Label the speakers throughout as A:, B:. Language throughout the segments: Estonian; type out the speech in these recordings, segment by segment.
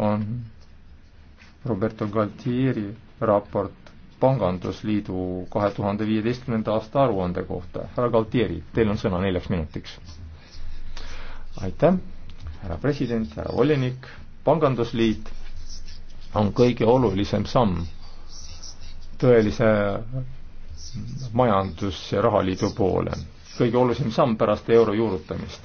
A: on Roberto Galtieri raport Pangandusliidu kahe tuhande viieteistkümnenda aasta aruande kohta. härra Galtieri, teil on sõna neljaks minutiks. aitäh, härra president, härra volinik, pangandusliit on kõige olulisem samm tõelise majandus- ja rahaliidu poole. kõige olulisem samm pärast euro juurutamist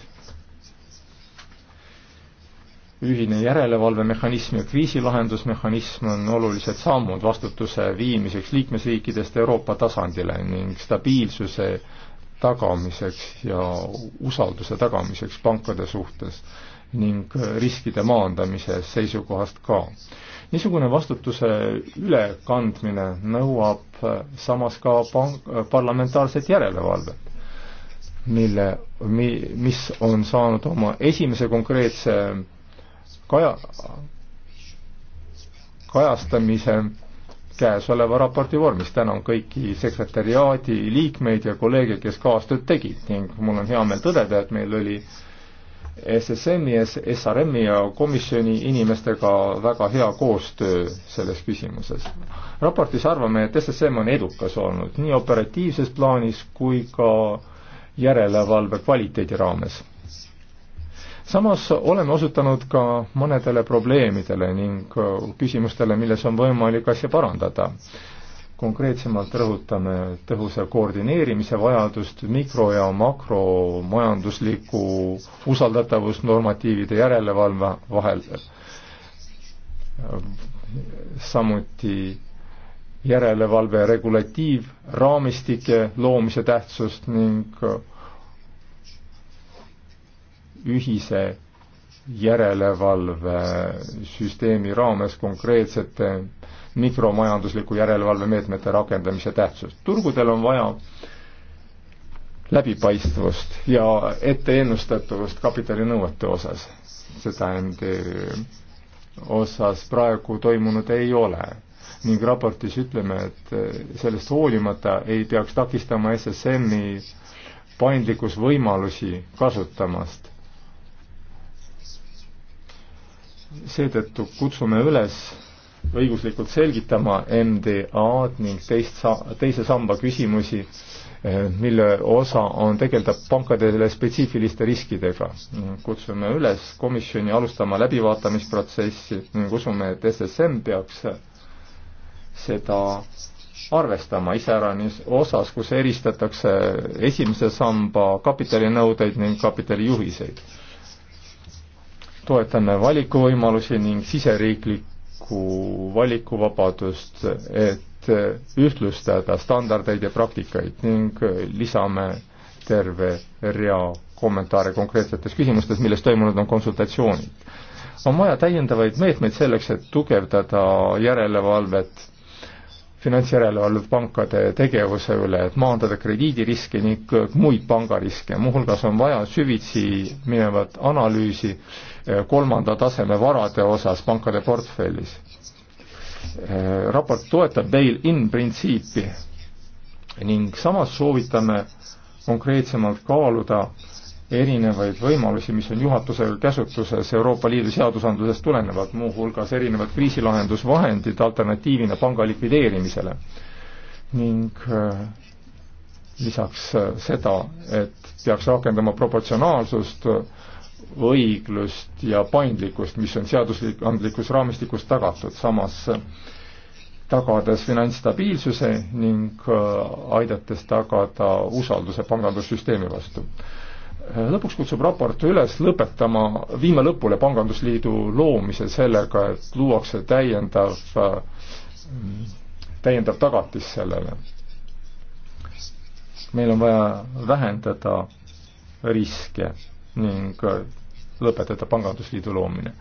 A: ühine järelevalvemehhanism ja kriisilahendusmehhanism on olulised sammud vastutuse viimiseks liikmesriikidest Euroopa tasandile ning stabiilsuse tagamiseks ja usalduse tagamiseks pankade suhtes ning riskide maandamise seisukohast ka. niisugune vastutuse ülekandmine nõuab samas ka pank, parlamentaarset järelevalvet, mille, mi-, mis on saanud oma esimese konkreetse kaja, kajastamise käesoleva raporti vormis. tänan kõiki sekretäriaadi liikmeid ja kolleege, kes kaastööd tegid ning mul on hea meel tõdeda, et meil oli SSM-i, SRM-i ja komisjoni inimestega väga hea koostöö selles küsimuses. raportis arvame, et SSM on edukas olnud nii operatiivses plaanis kui ka järelevalve kvaliteedi raames samas oleme osutanud ka mõnedele probleemidele ning äh, küsimustele, milles on võimalik asja parandada. konkreetsemalt rõhutame tõhusa koordineerimise vajadust, mikro- ja makromajandusliku usaldatavusnormatiivide järelevalve vahel, samuti järelevalve regulatiivraamistike loomise tähtsust ning äh, ühise järelevalvesüsteemi raames konkreetsete mikromajandusliku järelevalvemeetmete rakendamise tähtsust. turgudel on vaja läbipaistvust ja etteennustatavust kapitalinõuete osas. seda MD osas praegu toimunud ei ole ning raportis ütleme, et sellest hoolimata ei peaks takistama SSM-i paindlikkusvõimalusi kasutamast seetõttu kutsume üles õiguslikult selgitama MDA-d ning teist sa-, teise samba küsimusi, eh, mille osa on tegeleda pankadele spetsiifiliste riskidega. kutsume üles komisjoni alustama läbivaatamisprotsessi ning usume, et SSM peaks seda arvestama iseäranis osas, kus eristatakse esimese samba kapitalinõudeid ning kapitalijuhiseid toetame valikuvõimalusi ning siseriiklikku valikuvabadust, et ühtlustada standardeid ja praktikaid ning lisame terve rea kommentaare konkreetsetes küsimustes, milles toimunud on konsultatsioonid. on vaja täiendavaid meetmeid selleks, et tugevdada järelevalvet finantsjärelevalvepankade tegevuse üle, et maandada krediidiriske ning muid pangariske, muuhulgas on vaja süvitsi minevat analüüsi eh, kolmanda taseme varade osas pankade portfellis. Eh, raport toetab bail-in printsiipi ning samas soovitame konkreetsemalt kaaluda äh, erinevaid võimalusi, mis on juhatusel käsutuses Euroopa Liidu seadusandlusest tulenevalt, muuhulgas erinevad kriisilahendusvahendid alternatiivina panga likvideerimisele. ning äh, lisaks äh, seda, et peaks rakendama proportsionaalsust, õiglust ja paindlikkust, mis on seadusandlikus raamistikus tagatud, samas äh, tagades finantsstabiilsuse ning aidates tagada usalduse pangandussüsteemi vastu Äh, lõpuks kutsub raport üles lõpetama, viima lõpule pangandusliidu loomise sellega, et luuakse täiendav, äh, täiendav tagatis sellele. meil on vaja vähendada riske ning äh, lõpetada pangandusliidu loomine.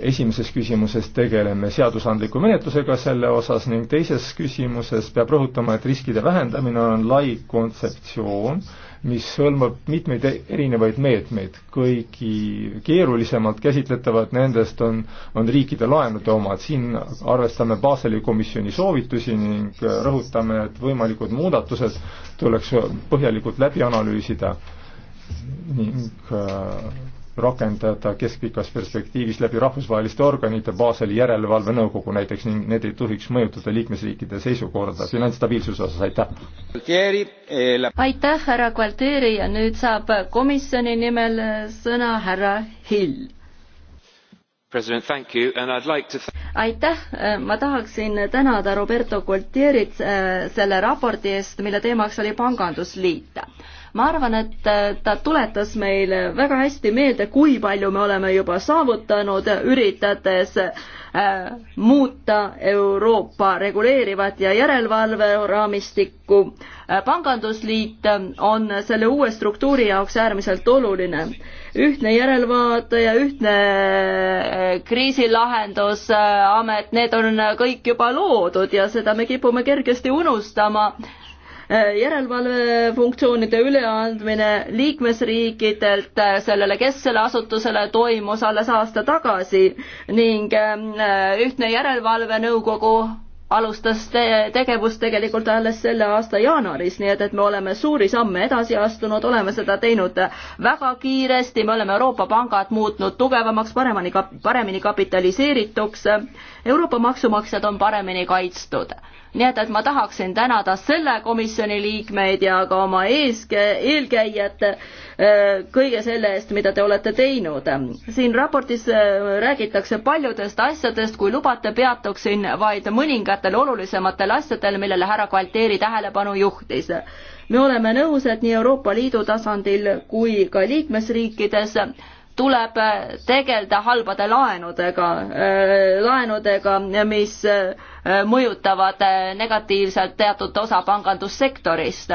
A: esimeses küsimuses tegeleme seadusandliku menetlusega selle osas ning teises küsimuses peab rõhutama, et riskide vähendamine on lai kontseptsioon, mis hõlmab mitmeid erinevaid meetmeid. kõigi keerulisemalt käsitletavad nendest on, on riikide laenude omad, siin arvestame Baseli komisjoni soovitusi ning rõhutame, et võimalikud muudatused tuleks põhjalikult läbi analüüsida ning äh, rakendada keskpikas perspektiivis läbi rahvusvaheliste organite, Baseli järelevalvenõukogu näiteks, ning need ei tohiks mõjutada liikmesriikide seisukorda finantsstabiilsuse osas, aitäh! Eh,
B: aitäh, härra Gualtieri ja nüüd saab komisjoni nimel sõna härra Hill.
A: Like to...
B: aitäh, ma tahaksin tänada Roberto Gualtierit eh, selle raporti eest, mille teemaks oli Pangandusliit ma arvan, et äh, ta tuletas meile väga hästi meelde, kui palju me oleme juba saavutanud, üritades äh, muuta Euroopa reguleerivat ja järelevalveraamistikku. Äh, pangandusliit on selle uue struktuuri jaoks äärmiselt oluline. ühtne järelevaate ja ühtne kriisilahendusamet, need on kõik juba loodud ja seda me kipume kergesti unustama järelevalvefunktsioonide üleandmine liikmesriikidelt äh, sellele kesksele asutusele toimus alles aasta tagasi ning äh, ühtne järelevalvenõukogu alustas te tegevust tegelikult alles selle aasta jaanuaris, nii et, et me oleme suuri samme edasi astunud, oleme seda teinud väga kiiresti, me oleme Euroopa pangad muutnud tugevamaks, paremini, paremini kapitaliseerituks Euroopa maksumaksjad on paremini kaitstud. nii et, et ma tahaksin tänada selle komisjoni liikmeid ja ka oma eeskä-, eelkäijat äh, kõige selle eest, mida te olete teinud. siin raportis äh, räägitakse paljudest asjadest, kui lubate, peatuksin vaid mõningatel olulisematel asjadel, millele härra Kvalteeri tähelepanu juhtis me oleme nõus, et nii Euroopa Liidu tasandil kui ka liikmesriikides tuleb äh, tegeleda halbade laenudega, äh, laenudega, mis äh, mõjutavad negatiivselt teatud osa pangandussektorist.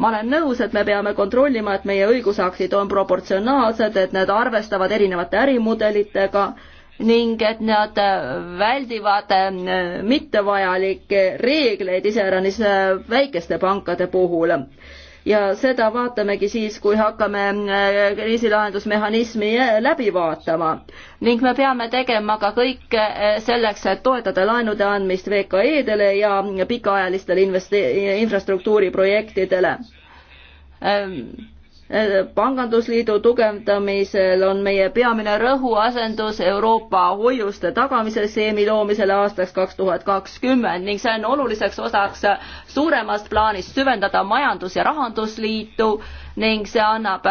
B: ma olen nõus, et me peame kontrollima, et meie õigusaktid on proportsionaalsed, et need arvestavad erinevate ärimudelitega ning et nad väldivad mittevajalikke reegleid iseäranis väikeste pankade puhul ja seda vaatamegi siis, kui hakkame äh, kriisilahendusmehhanismi äh, läbi vaatama. ning me peame tegema ka kõike äh, selleks, et toetada laenude andmist VKE-dele ja pikaajalistele investe-, infrastruktuuriprojektidele ähm, pangandusliidu tugevdamisel on meie peamine rõhuasendus Euroopa hoiuste tagamise seemi loomisele aastaks kaks tuhat kakskümmend ning see on oluliseks osaks suuremast plaanist süvendada majandus- ja rahandusliitu ning see annab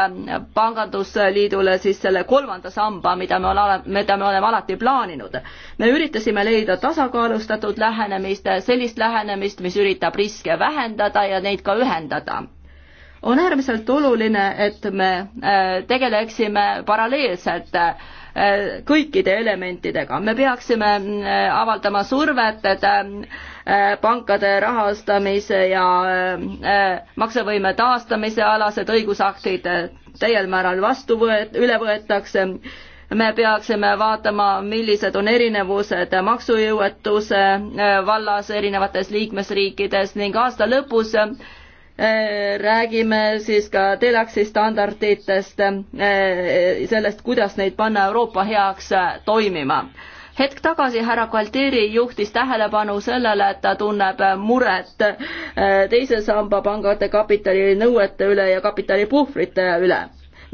B: pangandusliidule siis selle kolmanda samba, mida me oleme, mida me oleme alati plaaninud. me üritasime leida tasakaalustatud lähenemist, sellist lähenemist, mis üritab riske vähendada ja neid ka ühendada on äärmiselt oluline, et me äh, tegeleksime paralleelselt äh, kõikide elementidega, me peaksime äh, avaldama survet, et pankade rahastamise ja maksevõime taastamise alased õigusaktid täiel määral vastu võet-, üle võetakse, me peaksime vaatama, millised on erinevused maksujõuetuse vallas erinevates liikmesriikides ning aasta lõpus äh, Äh, räägime siis ka Telexi standarditest, äh, sellest, kuidas neid panna Euroopa heaks äh, toimima. hetk tagasi härra Kalteri juhtis tähelepanu sellele, et ta tunneb muret teise samba pangade kapitalinõuete üle ja kapitalipuhvrite üle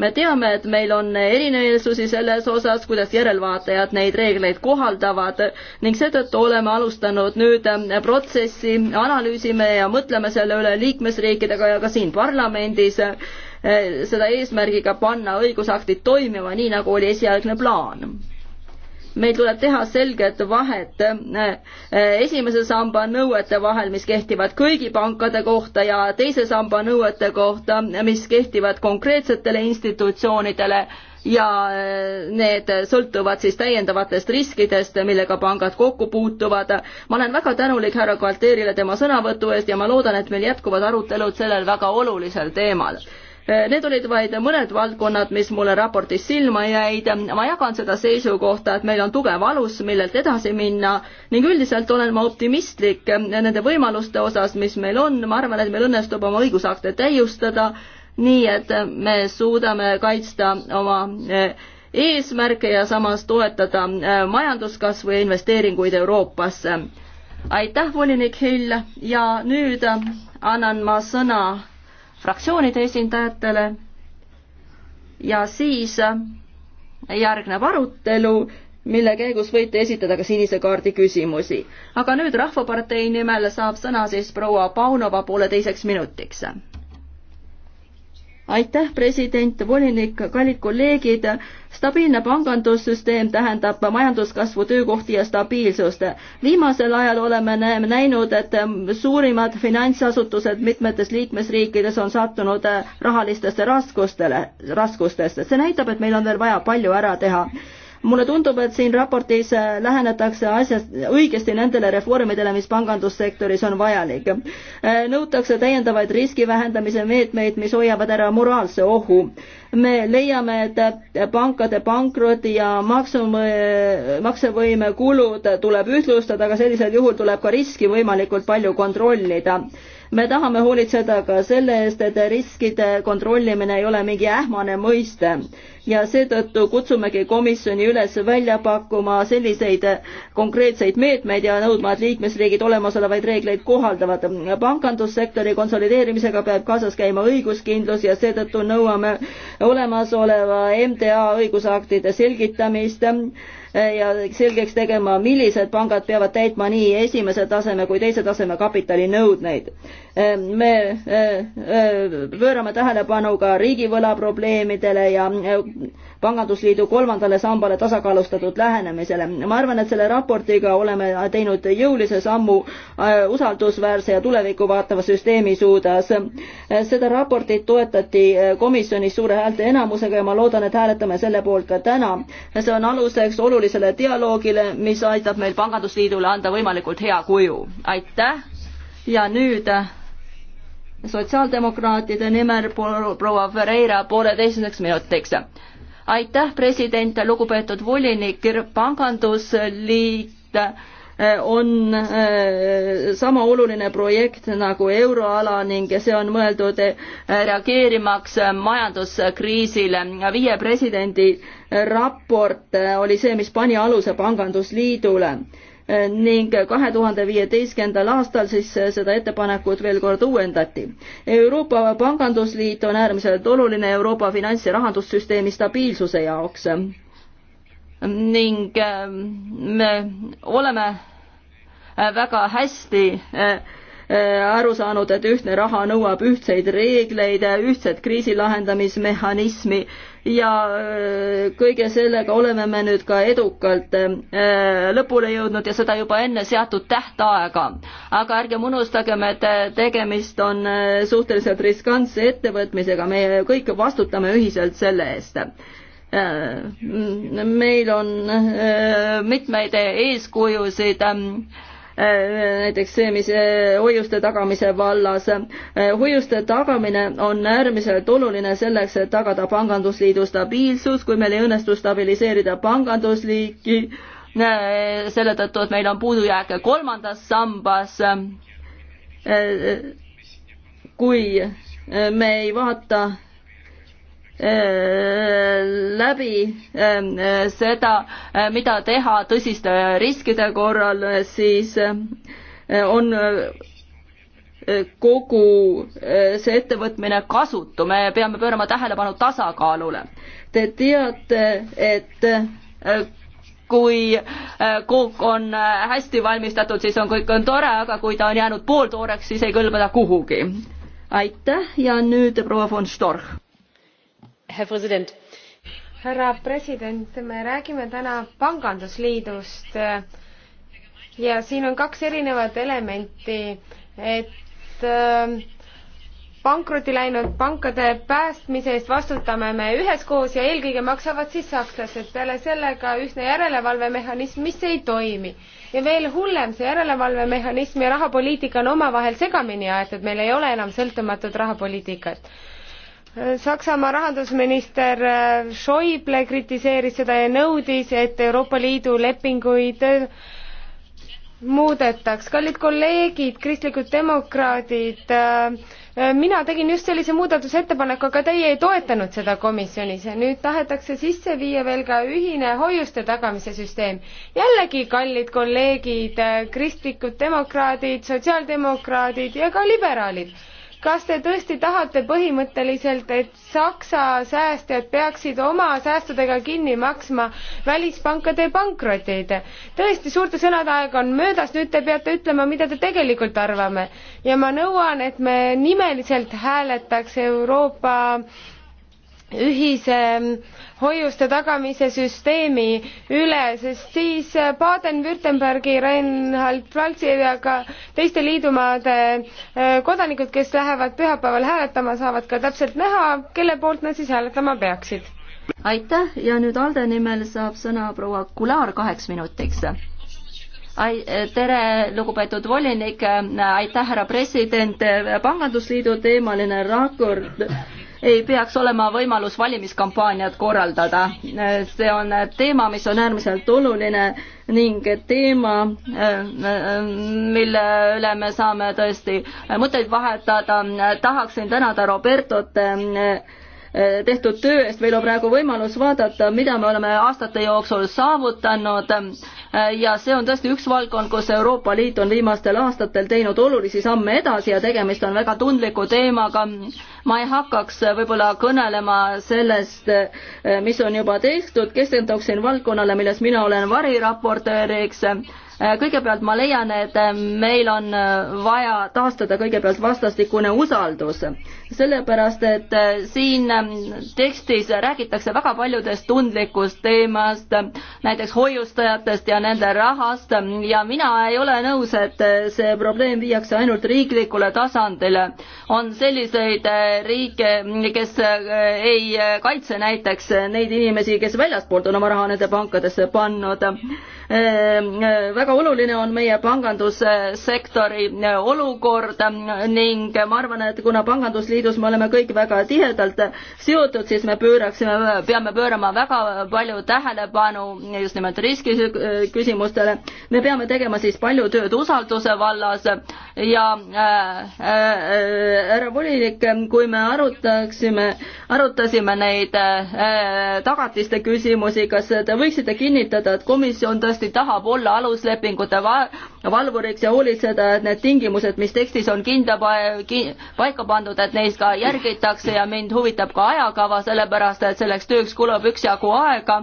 B: me teame, et meil on erinevusi selles osas, kuidas järelvaatajad neid reegleid kohaldavad ning seetõttu oleme alustanud nüüd ähm, protsessi, analüüsime ja mõtleme selle üle liikmesriikidega ja ka siin parlamendis äh, seda eesmärgiga panna õigusaktid toimima nii, nagu oli esialgne plaan meil tuleb teha selget vahet äh, äh, esimese samba nõuete vahel, mis kehtivad kõigi pankade kohta ja teise samba nõuete kohta, mis kehtivad konkreetsetele institutsioonidele ja äh, need sõltuvad siis täiendavatest riskidest, millega pangad kokku puutuvad. ma olen väga tänulik härra Kvalteerile tema sõnavõtu eest ja ma loodan, et meil jätkuvad arutelud sellel väga olulisel teemal Äh, need olid vaid mõned valdkonnad, mis mulle raportis silma jäid. ma jagan seda seisukohta, et meil on tugev alus, millelt edasi minna ning üldiselt olen ma optimistlik nende võimaluste osas, mis meil on. ma arvan, et meil õnnestub oma õigusakte täiustada nii, et me suudame kaitsta oma äh, eesmärke ja samas toetada äh, majanduskasvu ja investeeringuid Euroopasse. aitäh, volinik Hill ja nüüd annan ma sõna fraktsioonide esindajatele ja siis järgneb arutelu, mille käigus võite esitada ka sinise kaardi küsimusi. aga nüüd Rahvapartei nimel saab sõna siis proua Paunova pooleteiseks minutiks aitäh, president, volinik, kallid kolleegid. stabiilne pangandussüsteem tähendab majanduskasvu, töökohti ja stabiilsust. viimasel ajal oleme näinud, et suurimad finantsasutused mitmetes liikmesriikides on sattunud rahalistesse raskustele, raskustesse. see näitab, et meil on veel vaja palju ära teha mulle tundub, et siin raportis äh, lähenetakse asjast õigesti nendele reformidele, mis pangandussektoris on vajalik. Äh, nõutakse täiendavaid riski vähendamise meetmeid, mis hoiavad ära moraalse ohu. me leiame, et äh, pankade pankroti ja maksu, maksevõime kulud tuleb ühtlustada, aga sellisel juhul tuleb ka riski võimalikult palju kontrollida me tahame hoolitseda ka selle eest, et riskide kontrollimine ei ole mingi ähmane mõiste ja seetõttu kutsumegi komisjoni üles välja pakkuma selliseid konkreetseid meetmeid ja nõudma, et liikmesriigid olemasolevaid reegleid kohaldavad. pangandussektori konsolideerimisega peab kaasas käima õiguskindlus ja seetõttu nõuame olemasoleva MTA õigusaktide selgitamist ja selgeks tegema, millised pangad peavad täitma nii esimese taseme kui teise taseme kapitalinõudmeid. Ehm, me eh, eh, pöörame tähelepanu ka riigivõla probleemidele ja eh, pangandusliidu kolmandale sambale tasakaalustatud lähenemisele. ma arvan, et selle raportiga oleme teinud jõulise sammu usaldusväärse ja tulevikku vaatava süsteemi suudas. seda raportit toetati komisjonis suure häälte enamusega ja ma loodan, et hääletame selle poolt ka täna. see on aluseks olulisele dialoogile, mis aitab meil pangandusliidule anda võimalikult hea kuju. aitäh ja nüüd sotsiaaldemokraatide nimel proua Ferreira pooleteiseks minutiks. aitäh, president, lugupeetud volinik, pangandusliit eh, on eh, sama oluline projekt nagu euroala ning see on mõeldud eh, reageerimaks majanduskriisile. viie presidendi raport oli see, mis pani aluse pangandusliidule ning kahe tuhande viieteistkümnendal aastal siis seda ettepanekut veel kord uuendati. Euroopa Pangandusliit on äärmiselt oluline Euroopa finants- ja rahandussüsteemi stabiilsuse jaoks ning ähm, me oleme äh, väga hästi äh, äh, aru saanud, et ühtne raha nõuab ühtseid reegleid, ühtset kriisi lahendamismehhanismi ja äh, kõige sellega oleme me nüüd ka edukalt äh, lõpule jõudnud ja seda juba enne seatud tähtaega. aga ärgem unustagem, et äh, tegemist on suhteliselt riskantse ettevõtmisega, me kõik vastutame ühiselt selle eest meil on mitmeid eeskujusid ähm, näiteks see, mis eh, hoiuste tagamise vallas. Eh, hoiuste tagamine on äärmiselt oluline selleks, et tagada pangandusliidu stabiilsus, kui meil ei õnnestu stabiliseerida pangandusliiki, eh, selle tõttu, et meil on puudujääke kolmandas sambas, kui me ei vaata Äh, läbi ähm, äh, seda, äh, mida teha tõsiste riskide korral, siis on kogu see ettevõtmine kasutu, me peame pöörama tähelepanu tasakaalule. Te teate, et kui kook on hästi valmistatud, siis on kõik on tore, aga kui ta on jäänud pooltooreks, siis ei kõlba ta kuhugi. aitäh ja nüüd proua von Storch
C: härra president, me räägime täna pangandusliidust ja siin on kaks erinevat elementi, et ähm, pankrotti läinud pankade päästmise eest vastutame me üheskoos ja eelkõige maksavad siis sakslased, peale selle ka ühtne järelevalvemehhanism, mis ei toimi. ja veel hullem, see järelevalvemehhanism ja rahapoliitika on omavahel segamini aetud, meil ei ole enam sõltumatut rahapoliitikat Saksamaa rahandusminister äh, Schäuble kritiseeris seda ja nõudis, et Euroopa Liidu lepinguid äh, muudetaks. kallid kolleegid, kristlikud demokraadid, äh, mina tegin just sellise muudatusettepaneku, aga teie ei toetanud seda komisjonis ja nüüd tahetakse sisse viia veel ka ühine hoiuste tagamise süsteem. jällegi, kallid kolleegid, kristlikud demokraadid, sotsiaaldemokraadid ja ka liberaalid kas te tõesti tahate põhimõtteliselt, et Saksa säästjad peaksid oma säästudega kinni maksma välispankade pankrotid? tõesti, suurte sõnade aeg on möödas, nüüd te peate ütlema, mida te tegelikult arvame. ja ma nõuan, et me nimeliselt hääletaks Euroopa äh, ühise hoiuste tagamise süsteemi üle, sest siis Baden-Württembergi, Rheinland-Pfalzi ja ka teiste liidumaade äh, kodanikud, kes lähevad pühapäeval hääletama, saavad ka täpselt näha, kelle poolt nad siis hääletama
B: peaksid. aitäh ja nüüd Alde nimel saab sõna proua Kular kaheks minutiks ai-, tere, lugupeetud volinik, aitäh, härra president, Pangandusliidu teemaline raport ei peaks olema võimalus valimiskampaaniat korraldada. see on teema, mis on äärmiselt oluline ning teema, mille üle me saame tõesti mõtteid vahetada. tahaksin tänada Robertot eh, tehtud töö eest, meil on praegu võimalus vaadata, mida me oleme aastate jooksul saavutanud Äh, ja see on tõesti üks valdkond, kus Euroopa Liit on viimastel aastatel teinud olulisi samme edasi ja tegemist on väga tundliku teemaga. ma ei hakkaks äh, võib-olla kõnelema sellest, äh, mis on juba tehtud, keskenduksin valdkonnale, milles mina olen variraportööriks Äh, kõigepealt ma leian, et äh, meil on äh, vaja taastada kõigepealt vastastikune usaldus, sellepärast et siin ähm, tekstis räägitakse väga paljudest tundlikust teemast, näiteks hoiustajatest ja nende rahast ja mina ei ole nõus, et see probleem viiakse ainult riiklikule tasandile. on selliseid riike, kes ei kaitse näiteks neid inimesi, kes väljaspoolt on oma raha nende pankadesse pannud väga oluline on meie pangandussektori äh, olukord ning ma arvan, et kuna pangandusliidus me oleme kõik väga tihedalt seotud, siis me pööraksime, peame pöörama väga palju tähelepanu just nimelt riski küsimustele. me peame tegema siis palju tööd usalduse vallas ja härra äh, äh, volinik, kui me arutaksime, arutasime neid äh, tagatiste küsimusi, kas te võiksite kinnitada, et komisjon tõesti tahab olla aluslepingu aluslepingute valvuriks ja hoolitseda, et need tingimused, mis tekstis on kinda paika pandud, et neist ka järgitakse ja mind huvitab ka ajakava, sellepärast et selleks tööks kulub üksjagu aega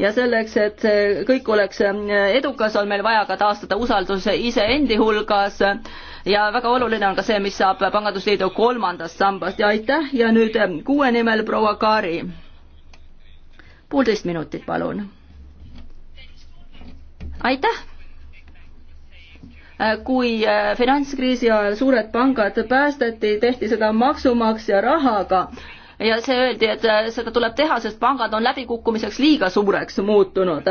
B: ja selleks, et see kõik oleks äh, edukas, on meil vaja ka taastada usaldus iseendi hulgas ja väga oluline on ka see, mis saab Pangandusliidu kolmandast sambast ja aitäh ja nüüd äh, kuue nimel proua Kaari. poolteist minutit, palun. aitäh kui äh, finantskriisi ajal suured pangad päästeti, tehti seda maksumaksja rahaga ja see öeldi, et äh, seda tuleb teha, sest pangad on läbikukkumiseks liiga suureks muutunud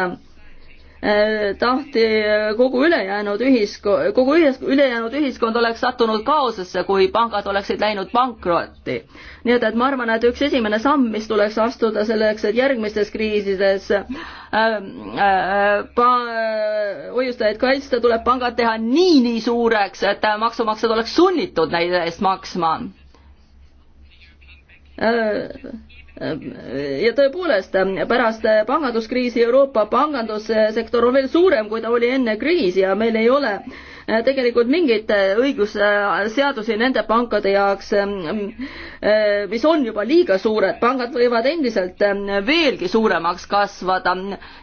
B: Äh, tahti äh, kogu ülejäänud ühiskond, kogu ühes, ülejäänud ühiskond oleks sattunud kaosesse, kui pangad oleksid läinud pankrotti. nii et, et ma arvan, et üks esimene samm, mis tuleks astuda selleks, et järgmistes kriisides äh, äh, pa-, hoiustajaid kaitsta, tuleb pangad teha nii, nii suureks, et äh, maksumaksjad oleks sunnitud neid eest maksma äh, ja tõepoolest, pärast panganduskriisi Euroopa pangandussektor on veel suurem, kui ta oli enne kriisi ja meil ei ole äh, tegelikult mingeid äh, õigusseadusi nende pankade jaoks, äh, mis on juba liiga suured, pangad võivad endiselt veelgi suuremaks kasvada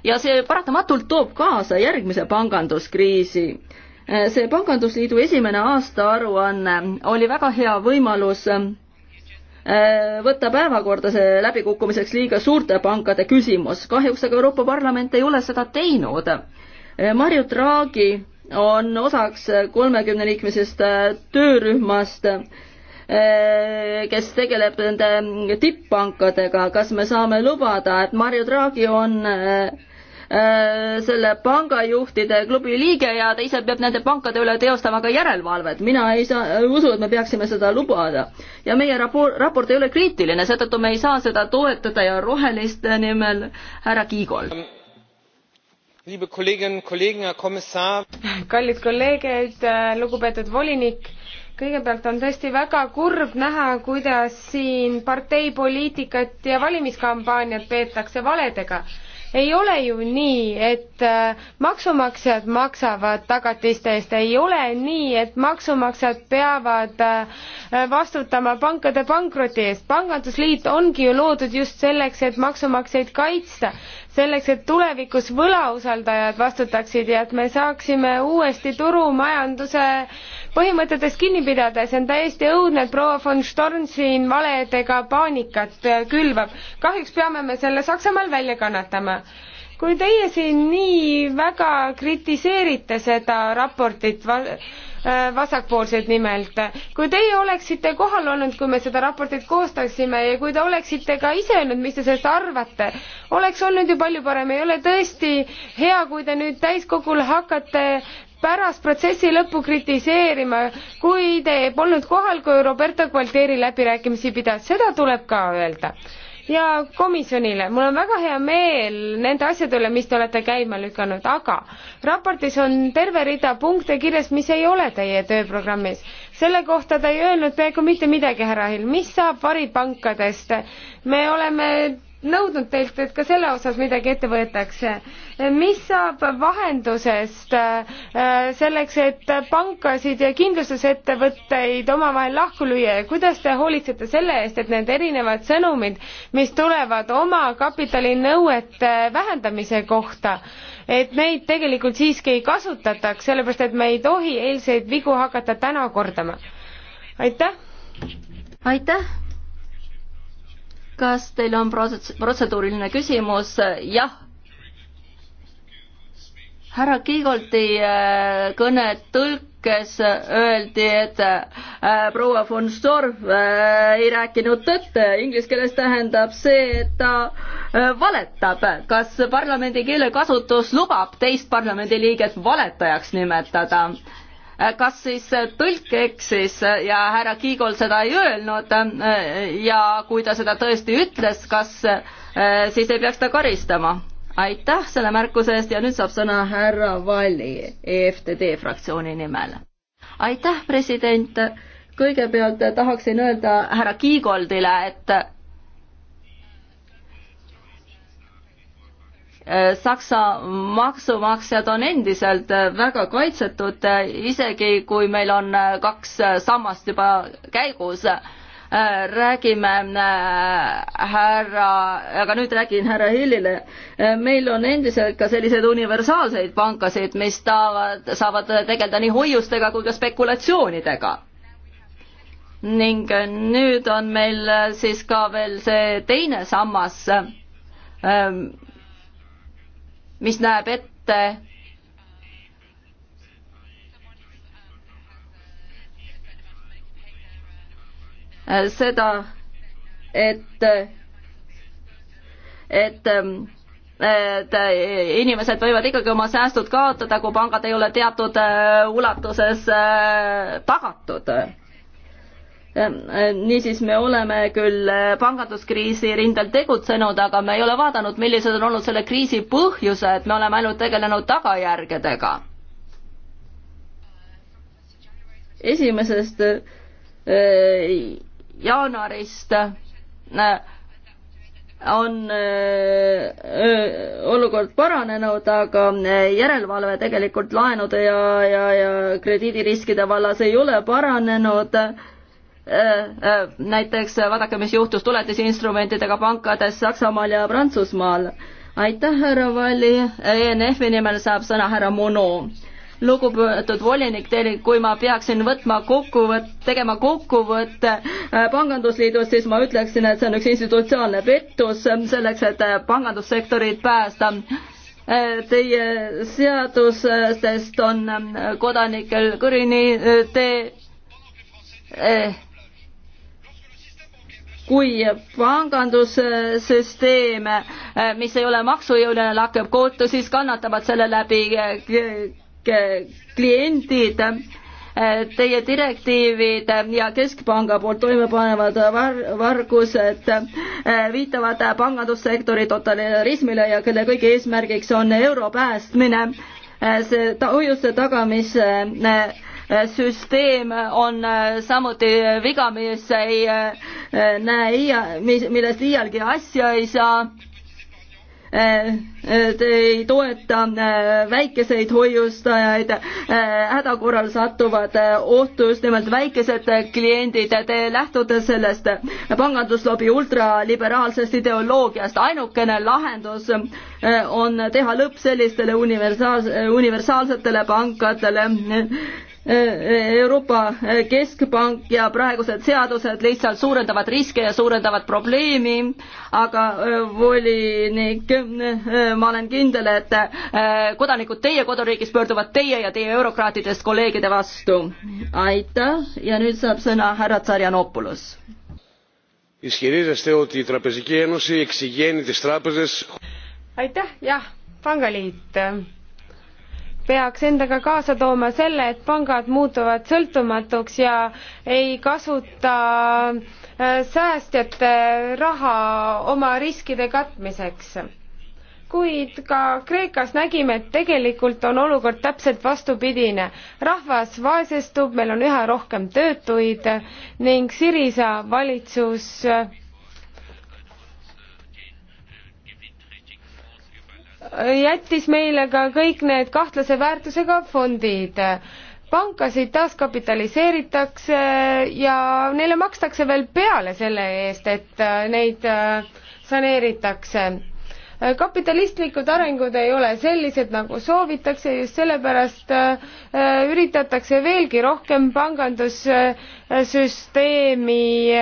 B: ja see paratamatult toob kaasa järgmise panganduskriisi see pangandusliidu esimene aastaaruanne oli väga hea võimalus Äh, võtta päevakorda see läbikukkumiseks liiga suurte pankade küsimus. kahjuks aga Euroopa Parlament ei ole seda teinud. Äh, Marju Draghi on osaks kolmekümneliikmelisest äh, töörühmast, kes tegeleb nende tipp-pankadega. kas me saame lubada, et Marju Draghi on Äh, selle pangajuhtide klubi liige ja ta ise peab nende pankade üle teostama ka järelevalvet. mina ei saa, äh, usu, et me peaksime seda lubada. ja meie rapor-, raport ei ole kriitiline, seetõttu me ei saa seda toetada ja roheliste nimel härra Kiigol.
A: Ähm,
C: kallid kolleegid, äh, lugupeetud volinik kõigepealt on tõesti väga kurb näha, kuidas siin parteipoliitikat ja valimiskampaaniat peetakse valedega ei ole ju nii, et äh, maksumaksjad maksavad tagatiste eest, ei ole nii, et maksumaksjad peavad äh, vastutama pankade pankroti eest. pangandusliit ongi ju loodud just selleks, et maksumaksjaid kaitsta selleks, et tulevikus võlausaldajad vastutaksid ja et me saaksime uuesti turumajanduse põhimõtetest kinni pidades on täiesti õudne, et proua von Storm siin valedega paanikat äh, külvab. kahjuks peame me selle Saksamaal välja kannatama. kui teie siin nii väga kritiseerite seda raportit, äh, vasakpoolsed nimelt. kui teie oleksite kohal olnud, kui me seda raportit koostaksime ja kui te oleksite ka ise öelnud, mis te sellest arvate, oleks olnud ju palju parem, ei ole tõesti hea, kui te nüüd täiskogul hakkate pärast protsessi lõppu kritiseerima, kui te polnud kohal, kui Roberto Gualtieri läbirääkimisi pidas, seda tuleb ka öelda ja komisjonile, mul on väga hea meel nende asjade üle, mis te olete käima lükanud, aga raportis on terve rida punkte kirjas, mis ei ole teie tööprogrammis. selle kohta te ei öelnud peaaegu mitte midagi, härra Hill, mis saab varipankadest? me oleme nõudnud teilt, et ka selle osas midagi ette võetakse. mis saab vahendusest äh, selleks, et pankasid ja kindlustusettevõtteid omavahel lahku lüüa ja kuidas te hoolitsete selle eest, et need erinevad sõnumid, mis tulevad omakapitalinõuete vähendamise kohta, et neid tegelikult siiski ei kasutataks, sellepärast et me ei tohi eilseid vigu hakata täna kordama.
B: aitäh! aitäh! kas teil on protseduuriline küsimus? jah. härra Kiigolti äh, kõne tõlkes öeldi, et äh, proua von Storf äh, ei rääkinud tõtt. Inglise keeles tähendab see, et ta valetab. kas parlamendi keelekasutus lubab teist parlamendiliiget valetajaks nimetada? Äh, kas siis äh, tõlk eksis äh, ja härra Kiigol seda ei öelnud ja kui ta seda tõesti ütles, kas siis ei peaks ta karistama? aitäh selle märkuse eest ja nüüd saab sõna härra Valli EFTD fraktsiooni nimel. aitäh, president. kõigepealt tahaksin öelda härra Kiigoldile, et Äh, Saksa maksumaksjad on endiselt äh, väga kaitsetud, äh, isegi kui meil on kaks sammast juba käigus. räägime härra, aga nüüd räägin härra Hillile. meil on endiselt ka selliseid universaalseid pankasid, mis taavad, saavad tegeleda nii hoiustega kui ka spekulatsioonidega ning nüüd on meil siis ka veel see teine sammas, mis näeb ette seda, et, et ähm, et inimesed võivad ikkagi oma säästud kaotada, kui pangad ei ole teatud äh, ulatuses äh, tagatud Ehm, eh, niisiis, me oleme küll eh, panganduskriisi rindel tegutsenud, aga me ei ole vaadanud, millised on olnud selle kriisi põhjused, me oleme ainult tegelenud tagajärgedega. esimesest eh, jaanuarist on öö, olukord paranenud, aga järelevalve tegelikult laenude ja, ja, ja krediidiriskide vallas ei ole paranenud Äh, äh, näiteks äh, vaadake, mis juhtus tuletisinstrumentidega pankades Saksamaal ja Prantsusmaal. aitäh, härra Valli, ENF-i nimel saab sõna härra Mono. lugupeetud volinik, teil, kui ma peaksin võtma kokkuvõtt, tegema kokkuvõtte pangandusliidust, siis ma ütleksin, et see on üks institutsionaalne pettus selleks, et pangandussektorit päästa teie seadustest on kodanikel kõrini te eh, kui pangandussüsteem, mis ei ole maksujõuline, lakkab kohtu, siis kannatavad selle läbi kliendid. Teie direktiivid ja Keskpanga poolt toime panevad var-, vargused viitavad pangandussektori totalitarismile ja kelle kõigi eesmärgiks on euro päästmine. see ta-, hoiuste tagamise süsteem on äh, samuti viga, mis ei äh, näe iia-, mis, millest iialgi asja ei saa. Äh, te ei toeta väikeseid hoiustajaid, hädakorral satuvad ohtu just nimelt väikesed kliendid, te lähtute sellest panganduslobi ultraliberaalsest ideoloogiast, ainukene lahendus on teha lõpp sellistele universaals-, universaalsetele pankadele Euroopa Keskpank ja praegused seadused lihtsalt suurendavad riske ja suurendavad probleemi, aga äh, volinik, äh, ma olen kindel, et äh, kodanikud teie koduriigis pöörduvad teie ja teie eurokraatidest kolleegide vastu. aitäh ja nüüd saab sõna härra Tsarjanopoulos.
C: aitäh, jah, pangaliit peaks endaga kaasa tooma selle, et pangad muutuvad sõltumatuks ja ei kasuta äh, säästjate raha oma riskide katmiseks. kuid ka Kreekas nägime, et tegelikult on olukord täpselt vastupidine. rahvas vaesestub, meil on üha rohkem töötuid ning Sirisa valitsus äh, jättis meile ka kõik need kahtlase väärtusega fondid. pankasid taaskapitaliseeritakse ja neile makstakse veel peale selle eest, et äh, neid äh, saneeritakse kapitalistlikud arengud ei ole sellised, nagu soovitakse, just sellepärast äh, üritatakse veelgi rohkem pangandussüsteemi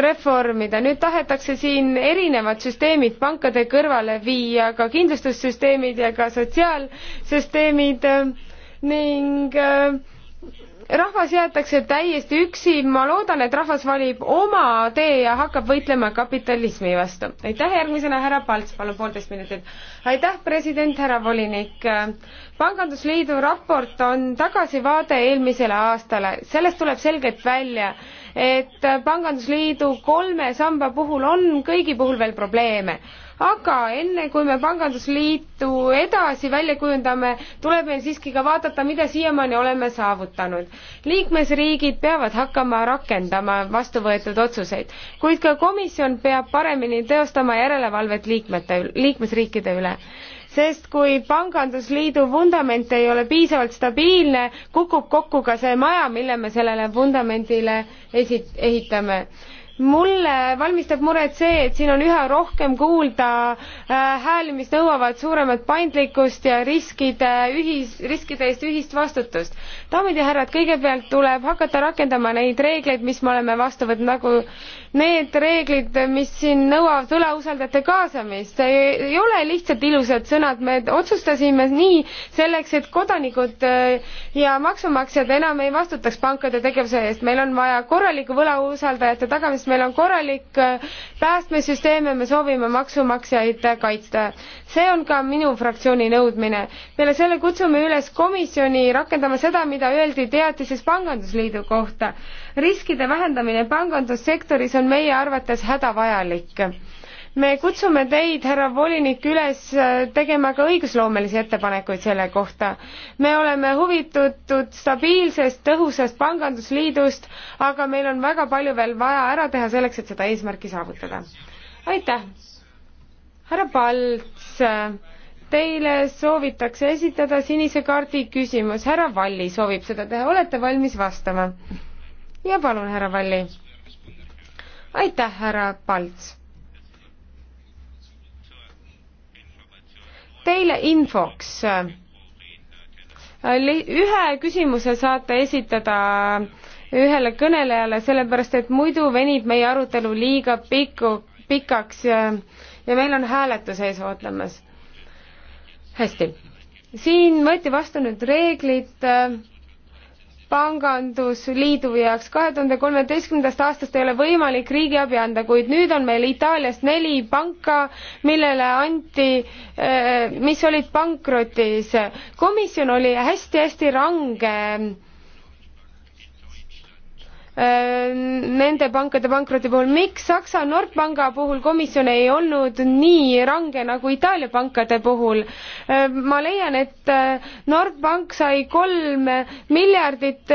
C: reformida. nüüd tahetakse siin erinevad süsteemid pankade kõrvale viia, ka kindlustussüsteemid ja ka sotsiaalsüsteemid ning äh, rahvas jäetakse täiesti üksi, ma loodan, et rahvas valib oma tee ja hakkab võitlema kapitalismi vastu. aitäh, järgmisena härra Palts, palun poolteist minutit. aitäh, president, härra volinik. pangandusliidu raport on tagasivaade eelmisele aastale, sellest tuleb selgelt välja, et pangandusliidu kolme samba puhul on kõigi puhul veel probleeme aga enne kui me pangandusliitu edasi välja kujundame, tuleb meil siiski ka vaadata, mida siiamaani oleme saavutanud. liikmesriigid peavad hakkama rakendama vastu võetud otsuseid, kuid ka komisjon peab paremini teostama järelevalvet liikmete, liikmesriikide üle sest kui pangandusliidu vundament ei ole piisavalt stabiilne, kukub kokku ka see maja, mille me sellele vundamendile esi-, ehitame mulle valmistab muret see, et siin on üha rohkem kuulda äh, hääli, mis nõuavad suuremat paindlikkust ja riskide ühis, riskide eest ühist vastutust. daamid ja härrad, kõigepealt tuleb hakata rakendama neid reegleid, mis me oleme vastu võtnud, nagu need reeglid, mis siin nõuavad võlausaldajate kaasamist, ei ole lihtsalt ilusad sõnad, me otsustasime nii selleks, et kodanikud äh, ja maksumaksjad enam ei vastutaks pankade tegevuse eest, meil on vaja korralikku võlausaldajate tagamist, meil on korralik äh, päästmissüsteem ja me soovime maksumaksjaid kaitsta. see on ka minu fraktsiooni nõudmine. peale selle kutsume üles komisjoni rakendama seda, mida öeldi teatises Pangandusliidu kohta riskide vähendamine pangandussektoris on meie arvates hädavajalik me kutsume teid, härra volinik, üles äh, tegema ka õigusloomelisi ettepanekuid selle kohta. me oleme huvitatud stabiilsest, tõhusast pangandusliidust, aga meil on väga palju veel vaja ära teha selleks, et seda eesmärki saavutada. aitäh! härra Palts, teile soovitakse esitada sinise kaardi küsimus, härra Valli soovib seda teha, olete valmis vastama? ja palun, härra Valli. aitäh, härra Palts. Teile infoks. Äh, ühe küsimuse saate esitada ühele kõnelejale, sellepärast et muidu venib meie arutelu liiga piku, pikaks ja, äh, ja meil on hääletus ees ootamas. hästi, siin võeti vastu nüüd reeglid äh, pangandusliidu jaoks. kahe tuhande kolmeteistkümnendast aastast ei ole võimalik riigiabi anda, kuid nüüd on meil Itaalias neli panka, millele anti, eh, mis olid pankrotis. komisjon oli hästi-hästi range Äh, nende pankade pankroti puhul, miks Saksa Nordpanga puhul komisjon ei olnud nii range nagu Itaalia pankade puhul? Äh, ma leian, et äh, Nordpank sai kolm miljardit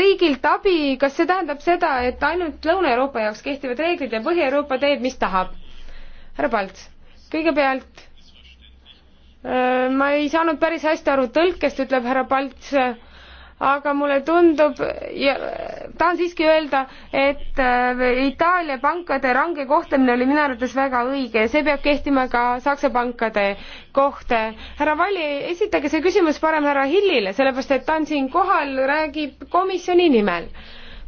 C: riigilt abi, kas see tähendab seda, et ainult Lõuna-Euroopa jaoks kehtivad reeglid ja Põhja-Euroopa teeb, mis tahab? härra Palts, kõigepealt ma ei saanud päris hästi aru tõlkest, ütleb härra Palts aga mulle tundub ja tahan siiski öelda, et äh, Itaalia pankade range kohtlemine oli minu arvates väga õige ja see peab kehtima ka Saksa pankade kohta. härra Valli, esitage see küsimus parem härra Hillile, sellepärast et ta on siin kohal, räägib komisjoni nimel.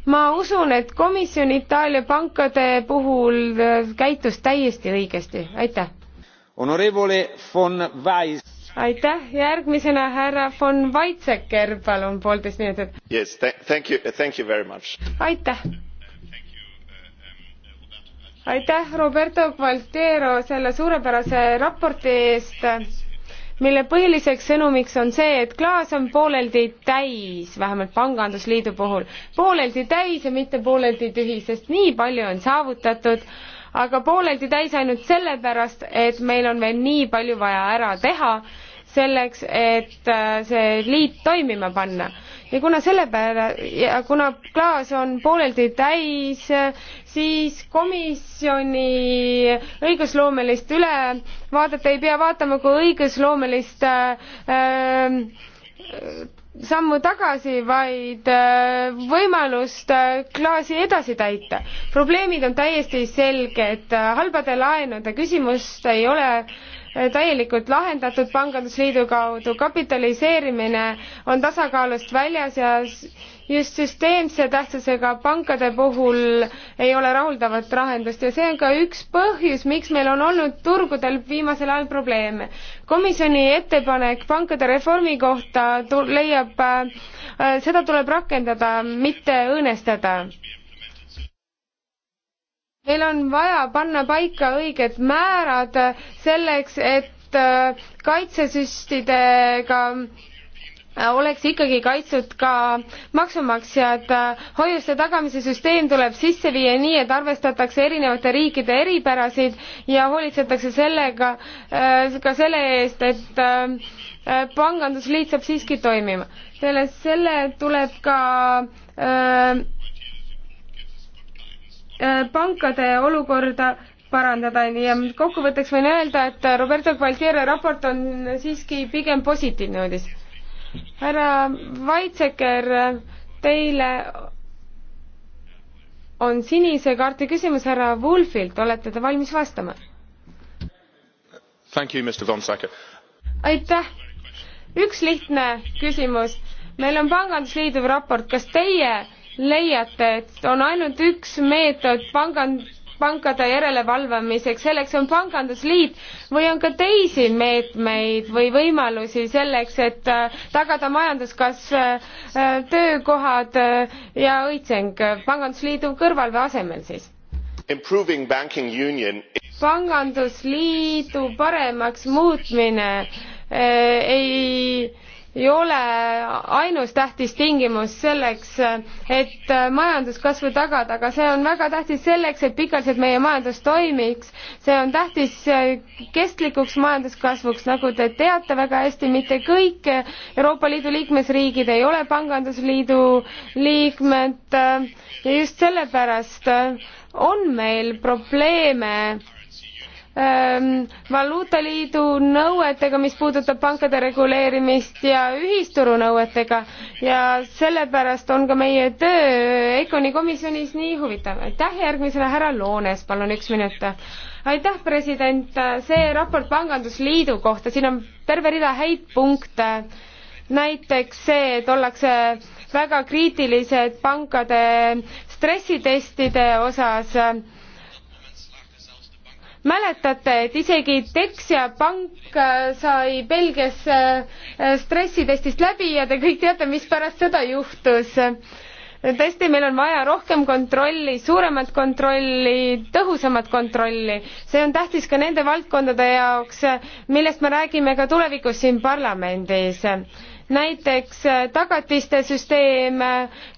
C: ma usun, et komisjon Itaalia pankade puhul äh, käitus täiesti õigesti, aitäh. Honorevole von Weiss aitäh, järgmisena härra von Weizsäcker, palun poolteist minutit.
A: Yes, thank you, thank you very much.
C: aitäh. aitäh Roberto Gualtiero selle suurepärase raporti eest, mille põhiliseks sõnumiks on see, et klaas on pooleldi täis, vähemalt Pangandusliidu puhul, pooleldi täis ja mitte pooleldi tühi, sest nii palju on saavutatud aga pooleldi täis ainult sellepärast, et meil on veel nii palju vaja ära teha selleks, et äh, see liit toimima panna. ja kuna selle peale ja kuna klaas on pooleldi täis, siis komisjoni õigusloomelist ülevaadet ei pea vaatama kui õigusloomelist äh, äh sammu tagasi, vaid äh, võimalust klaasi edasi täita. probleemid on täiesti selged, halbade laenude küsimust ei ole täielikult lahendatud pangandusliidu kaudu, kapitaliseerimine on tasakaalust väljas ja just süsteemse tähtsusega pankade puhul ei ole rahuldavat lahendust ja see on ka üks põhjus, miks meil on olnud turgudel viimasel ajal probleeme. komisjoni ettepanek pankade reformi kohta leiab, äh, seda tuleb rakendada, mitte õõnestada meil on vaja panna paika õiged määrad selleks, et äh, kaitsesüstidega äh, oleks ikkagi kaitstud ka maksumaksjad. hoiuste tagamise süsteem tuleb sisse viia nii, et arvestatakse erinevate riikide eripärasid ja hoolitsetakse sellega, äh, ka selle eest, et pangandusliit saab siiski toimima. peale selle tuleb ka öö, Äh, pankade olukorda parandada ja kokkuvõtteks võin öelda, et Roberto Gualtieri raport on siiski pigem positiivne uudis. härra Vaitseker, teile on sinise kaarti küsimus härra Wolfilt, olete te valmis vastama? aitäh, üks lihtne küsimus, meil on pangandusliidu raport, kas teie leiate, et on ainult üks meetod pangand-, pankade järelevalvamiseks, selleks on pangandusliit või on ka teisi meetmeid või võimalusi selleks, et äh, tagada majanduskasv, äh, töökohad äh, ja õitseng pangandusliidu kõrval või asemel siis? pangandusliidu paremaks muutmine äh, ei ei ole ainus tähtis tingimus selleks, et majanduskasvu tagada, aga see on väga tähtis selleks, et pikaliselt meie majandus toimiks. see on tähtis kestlikuks majanduskasvuks, nagu te teate väga hästi, mitte kõik Euroopa Liidu liikmesriigid ei ole pangandusliidu liikmed ja just sellepärast on meil probleeme Ehm, valuutaliidu nõuetega, mis puudutab pankade reguleerimist ja ühisturu nõuetega ja sellepärast on ka meie töö EKONi komisjonis nii huvitav. aitäh järgmisele, härra Loones, palun üks minut. aitäh, president, see raport Pangandusliidu kohta, siin on terve rida häid punkte, näiteks see, et ollakse väga kriitilised pankade stressitestide osas mäletate, et isegi Dexia pank äh, sai Belgias äh, stressitestist läbi ja te kõik teate, mis pärast seda juhtus. tõesti, meil on vaja rohkem kontrolli, suuremat kontrolli, tõhusamat kontrolli. see on tähtis ka nende valdkondade jaoks, millest me räägime ka tulevikus siin parlamendis näiteks äh, tagatiste süsteem,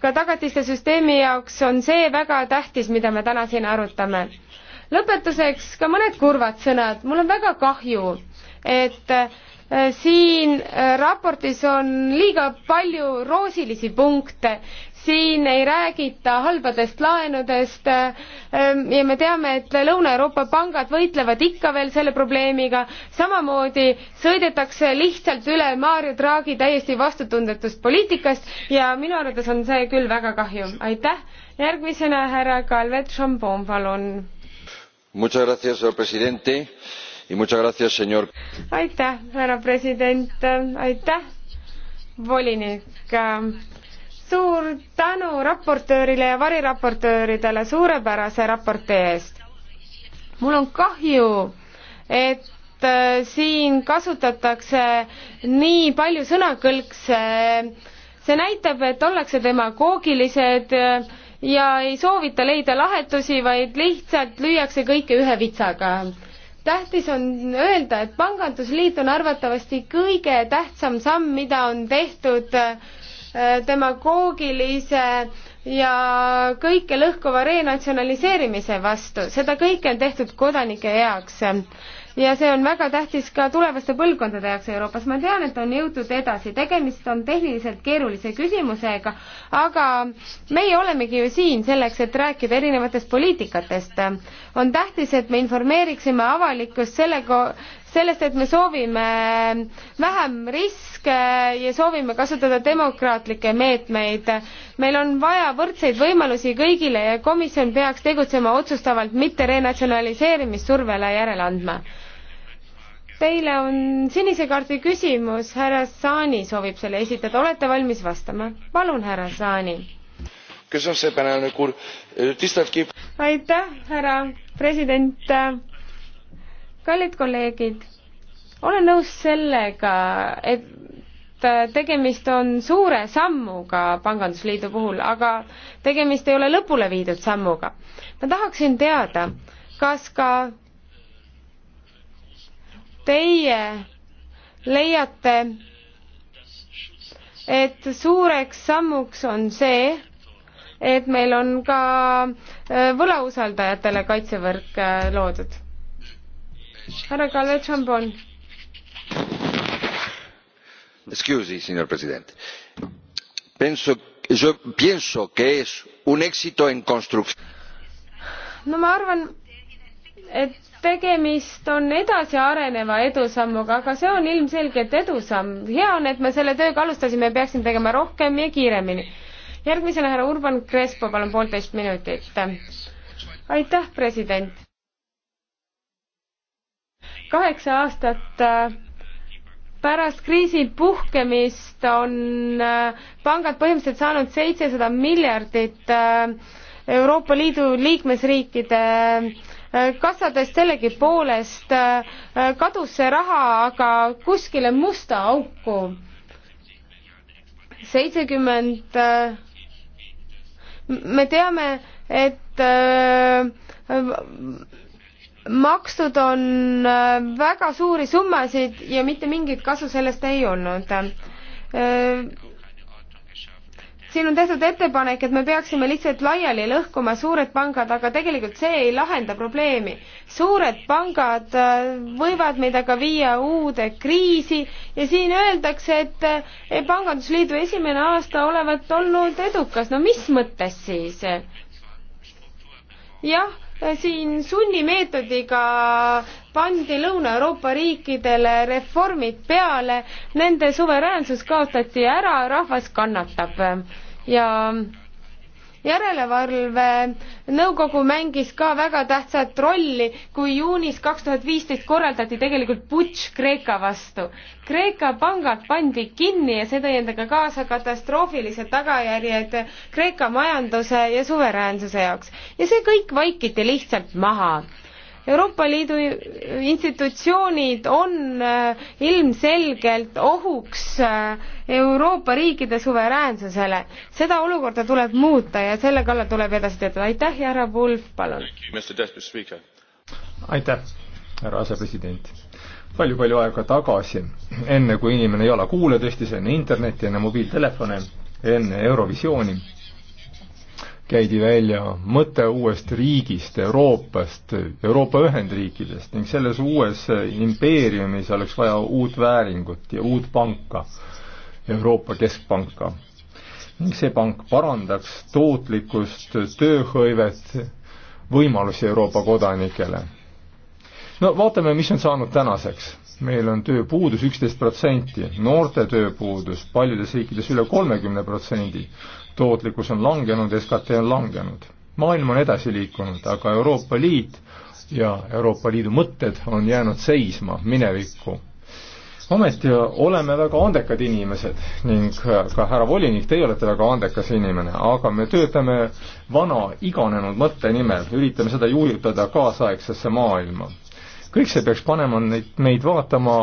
C: ka tagatiste süsteemi jaoks on see väga tähtis, mida me täna siin arutame lõpetuseks ka mõned kurvad sõnad, mul on väga kahju, et äh, siin äh, raportis on liiga palju roosilisi punkte, siin ei räägita halbadest laenudest äh, ähm, ja me teame, et Lõuna-Euroopa pangad võitlevad ikka veel selle probleemiga, samamoodi sõidetakse lihtsalt üle Mario Draghi täiesti vastutundetust poliitikast ja minu arvates on see küll väga kahju, aitäh. järgmisena härra Calvet Chambon, palun
A: señor presidente señor.
C: aitäh härra president aitäh volinik suur tänu raportöörile ja variraportööridele suurepärase raporti eest mul on kahju et äh, siin kasutatakse nii palju sõnakõlkse see näitab et ollakse demagoogilised ja äh, ja ei soovita leida lahendusi, vaid lihtsalt lüüakse kõike ühe vitsaga. tähtis on öelda, et pangandusliit on arvatavasti kõige tähtsam samm, mida on tehtud äh, demagoogilise ja kõike lõhkuva renatsionaliseerimise vastu, seda kõike on tehtud kodanike heaks ja see on väga tähtis ka tulevaste põlvkondade jaoks Euroopas. ma tean, et on jõutud edasi, tegemist on tehniliselt keerulise küsimusega, aga meie olemegi ju siin selleks, et rääkida erinevatest poliitikatest. on tähtis, et me informeeriksime avalikkust selle sellest, et me soovime vähem riske ja soovime kasutada demokraatlikke meetmeid. meil on vaja võrdseid võimalusi kõigile ja komisjon peaks tegutsema otsustavalt, mitte renatsionaliseerimissurvele järele andma Teile on sinise kaardi küsimus, härra Saani soovib selle esitada, olete valmis vastama? palun, härra Saani. aitäh, härra president. kallid kolleegid, olen nõus sellega, et tegemist on suure sammuga Pangandusliidu puhul, aga tegemist ei ole lõpule viidud sammuga. ma tahaksin teada, kas ka teie leiate, et suureks sammuks on see, et meil on ka äh, võlausaldajatele kaitsevõrk äh, loodud. härra Kalle Tšambon.
A: Scusi, signor presidente. Penso, yo pienso que es un éxito en construcción.
C: no ma arvan, et tegemist on edasiareneva edusammuga, aga see on ilmselgelt edusamm. hea on, et me selle tööga alustasime, peaksime tegema rohkem ja kiiremini. järgmisena härra Urban Crespo, palun poolteist minutit. aitäh, president. kaheksa aastat äh, pärast kriisi puhkemist on äh, pangad põhimõtteliselt saanud seitsesada miljardit äh, Euroopa Liidu liikmesriikide kassadest sellegipoolest äh, kadus see raha aga kuskile musta auku. seitsekümmend, äh, me teame, et äh, makstud on väga suuri summasid ja mitte mingit kasu sellest ei olnud siin on tehtud ettepanek, et me peaksime lihtsalt laiali lõhkuma suured pangad, aga tegelikult see ei lahenda probleemi. suured pangad äh, võivad meid aga viia uude kriisi ja siin öeldakse, et äh, pangandusliidu esimene aasta olevat olnud edukas, no mis mõttes siis? jah siin sunnimeetodiga pandi Lõuna-Euroopa riikidele reformid peale, nende suveräänsus kaotati ära, rahvas kannatab ja järelevalve nõukogu mängis ka väga tähtsat rolli, kui juunis kaks tuhat viisteist korraldati tegelikult putš Kreeka vastu. Kreeka pangad pandi kinni ja see tõi endaga kaasa katastroofilised tagajärjed Kreeka majanduse ja suveräänsuse jaoks ja see kõik vaikiti lihtsalt maha Euroopa Liidu institutsioonid on äh, ilmselgelt ohuks äh, Euroopa riikide suveräänsusele. seda olukorda tuleb muuta ja selle kallal tuleb edasi töötada. aitäh ja härra Wolf, palun!
A: aitäh, härra asepresident! palju-palju aega tagasi, enne kui inimene jala kuule tõstis, enne internetti, enne mobiiltelefone, enne Eurovisiooni käidi välja mõte uuest riigist, Euroopast, Euroopa Ühendriikidest ning selles uues impeeriumis oleks vaja uut vääringut ja uut panka, Euroopa Keskpanka. ning see pank parandaks tootlikkust, tööhõivet, võimalusi Euroopa kodanikele. no vaatame, mis on saanud tänaseks. meil on tööpuudus üksteist protsenti, noorte tööpuudus paljudes riikides üle kolmekümne protsendi tootlikkus on langenud, SKT on langenud. maailm on edasi liikunud, aga Euroopa Liit ja Euroopa Liidu mõtted on jäänud seisma minevikku. ometi oleme väga andekad inimesed ning ka härra volinik, teie olete väga andekas inimene, aga me töötame vana iganenud mõtte nimel, üritame seda juurutada kaasaegsesse maailma kõik see peaks panema neid, meid vaatama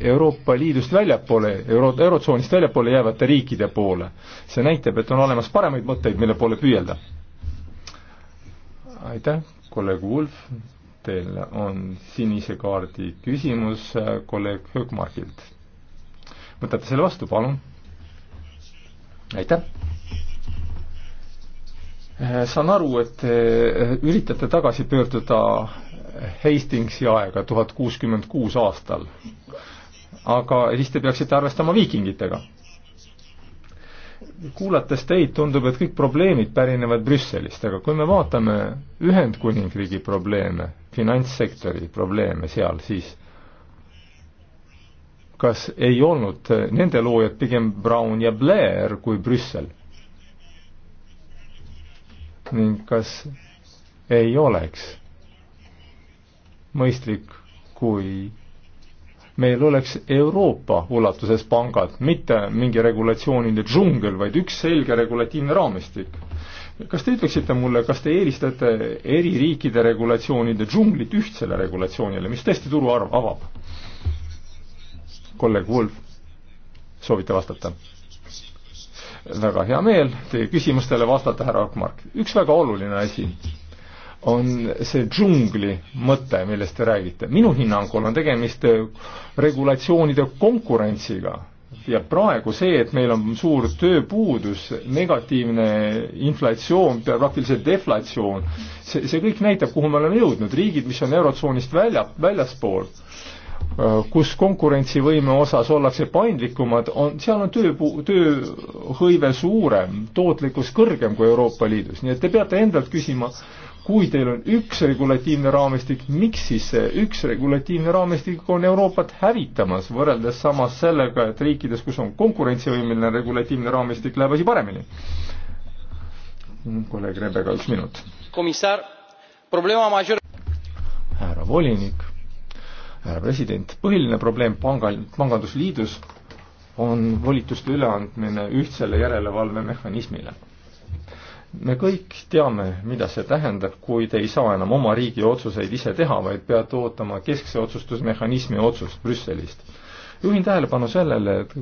A: Euroopa Liidust väljapoole, euro, eurotsoonist väljapoole jäävate riikide poole. see näitab, et on olemas paremaid mõtteid, mille poole püüelda. aitäh, kolleeg Wolf, teil on sinise kaardi küsimus kolleeg Höökmargilt. võtate selle vastu, palun? aitäh! saan aru, et te üritate tagasi pöörduda Hastingsi aega tuhat kuuskümmend kuus aastal. aga siis te peaksite arvestama viikingitega. kuulates teid, tundub, et kõik probleemid pärinevad Brüsselist, aga kui me vaatame Ühendkuningriigi probleeme, finantssektori probleeme seal, siis kas ei olnud nende loojad pigem Brown ja Blair kui Brüssel? ning kas ei oleks mõistlik, kui meil oleks Euroopa ulatuses pangad, mitte mingi regulatsioonide džungel, vaid üks selge regulatiivne raamistik. kas te ütleksite mulle, kas te eelistate eri riikide regulatsioonide džunglit ühtsele regulatsioonile, mis tõesti turu arv avab? kolleeg Wolf, soovite vastata? väga hea meel teie küsimustele vastata, härra Akmark. üks väga oluline asi on see džungli mõte, millest te räägite. minu hinnangul on tegemist äh, regulatsioonide konkurentsiga ja praegu see, et meil on suur tööpuudus, negatiivne inflatsioon, praktiliselt deflatsioon, see, see kõik näitab, kuhu me oleme jõudnud. riigid, mis on Eurotsoonist välja, väljaspool, äh, kus konkurentsivõime osas ollakse paindlikumad, on, seal on tööpu-, tööhõive suurem, tootlikkus kõrgem kui Euroopa Liidus, nii et te peate endalt küsima, kui teil on üks regulatiivne raamistik, miks siis see üks regulatiivne raamistik on Euroopat hävitamas, võrreldes samas sellega, et riikides, kus on konkurentsivõimeline regulatiivne raamistik, läheb asi paremini? kolleeg Rebega üks minut. härra volinik, härra president, põhiline probleem pangal, pangandusliidus on volituste üleandmine ühtsele järelevalvemehhanismile me kõik teame, mida see tähendab, kui te ei saa enam oma riigi otsuseid ise teha, vaid peate ootama keskse otsustusmehhanismi otsust Brüsselist. juhin tähelepanu sellele, et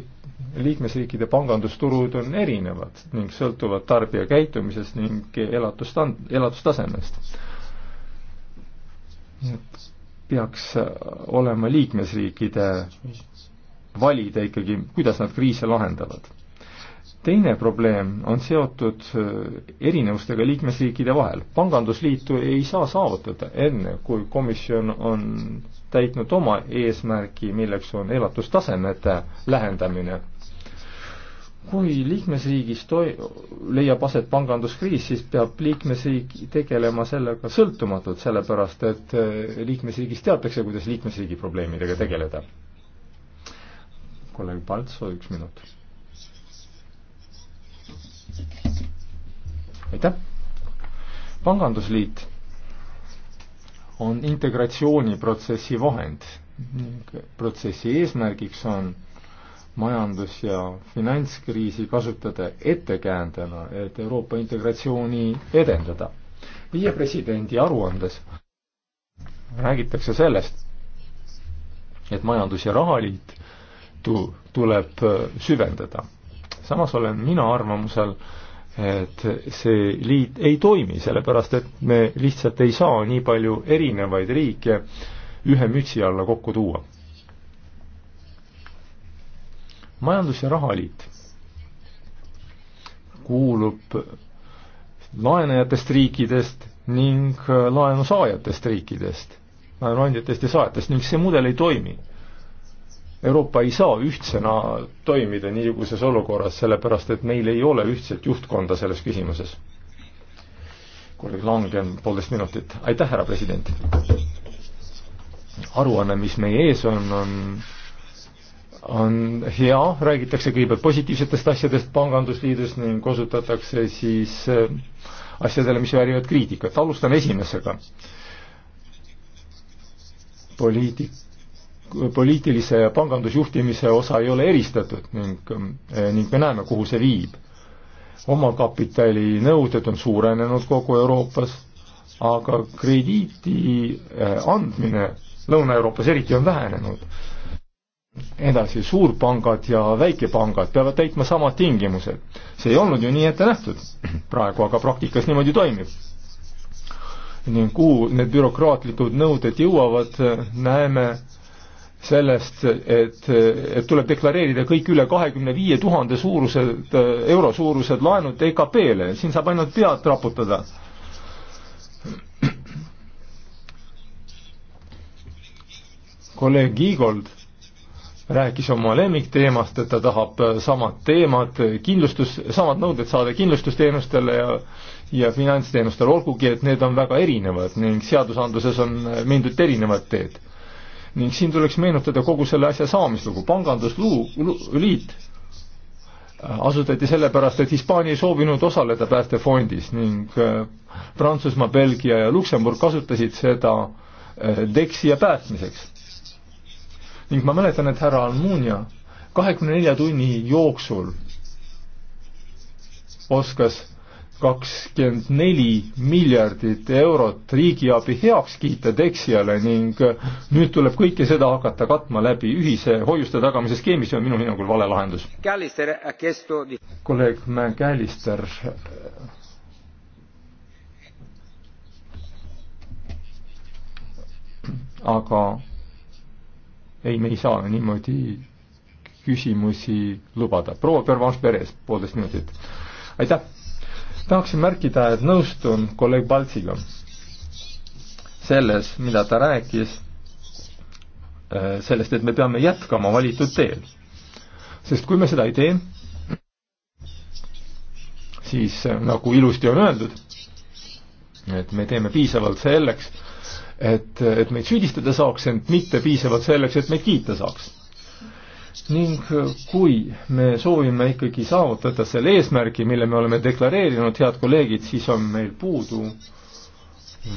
A: liikmesriikide pangandusturud on erinevad ning sõltuvad tarbija käitumisest ning elatustan-, elatustasemest. nii et peaks olema liikmesriikide valida ikkagi, kuidas nad kriise lahendavad teine probleem on seotud äh, erinevustega liikmesriikide vahel. pangandusliitu ei saa saavutada enne, kui komisjon on täitnud oma eesmärgi, milleks on elatustasemete lähendamine. kui liikmesriigis toi-, leiab aset panganduskriis, siis peab liikmesriik tegelema sellega sõltumatult, sellepärast et äh, liikmesriigis teatakse, kuidas liikmesriigi probleemidega tegeleda. kolleeg Palts, üks minut aitäh! pangandusliit on integratsiooniprotsessi vahend. protsessi eesmärgiks on majandus- ja finantskriisi kasutada ettekäändena, et Euroopa integratsiooni edendada. viie presidendi aruandes räägitakse sellest, et majandus- ja rahaliit tu-, tuleb süvendada samas olen mina arvamusel, et see liit ei toimi, sellepärast et me lihtsalt ei saa nii palju erinevaid riike ühe mütsi alla kokku tuua. majandus- ja rahaliit kuulub laenajatest riikidest ning laenusaajatest riikidest, laenuandjatest ja saajatest ning see mudel ei toimi Euroopa ei saa ühtsena toimida niisuguses olukorras, sellepärast et meil ei ole ühtset juhtkonda selles küsimuses. kolleeg Langen, poolteist minutit. aitäh, härra president! aruanne, mis meie ees on, on on hea, räägitakse kõigepealt positiivsetest asjadest Pangandusliidus ning osutatakse siis äh, asjadele, mis väärivad kriitikat. alustan esimesega poliitik, poliitilise ja pangandusjuhtimise osa ei ole eristatud ning, eh, ning me näeme, kuhu see viib. omakapitali nõuded on suurenenud kogu Euroopas, aga krediiti eh, andmine Lõuna-Euroopas eriti on vähenenud. edasi, suurpangad ja väikepangad peavad täitma samad tingimused. see ei olnud ju nii ette nähtud, praegu aga praktikas niimoodi toimib ning kuhu need bürokraatlikud nõuded jõuavad, eh, näeme sellest, et, et tuleb deklareerida kõik üle kahekümne viie tuhande suurused, euro suurused laenud EKP-le, siin saab ainult pead raputada. kolleeg Iigold rääkis oma lemmikteemast, et ta tahab samad teemad, kindlustus, samad nõuded saada kindlustusteenustele ja ja finantsteenustele, olgugi et need on väga erinevad ning seadusandluses on mindud erinevat teed ning siin tuleks meenutada kogu selle asja saamislugu. pangandusliit äh, asutati sellepärast, et Hispaania ei soovinud osaleda päästefondis ning äh, Prantsusmaa, Belgia ja Luksemburg kasutasid seda teksija äh, päästmiseks. ning ma mäletan, et härra Almunia kahekümne nelja tunni jooksul oskas kakskümmend neli miljardit eurot riigiabi heaks kiita Dexiale ning nüüd tuleb kõike seda hakata katma läbi ühise hoiuste tagamise skeemi, see on minu hinnangul vale lahendus. kolleeg McAllister. aga ei, me ei saa niimoodi küsimusi lubada. proua Pervanš Peres, poolteist minutit. aitäh! tahaksin märkida, et nõustun kolleeg Paltsiga selles, mida ta rääkis, äh, sellest, et me peame jätkama valitud teel. sest kui me seda ei tee, siis äh, nagu ilusti on öeldud, et me teeme piisavalt selleks, et, et meid süüdistada saaks, ent mitte piisavalt selleks, et meid kiita saaks ning eh, kui me soovime ikkagi saavutada selle eesmärgi, mille me oleme deklareerinud, head kolleegid, siis on meil puudu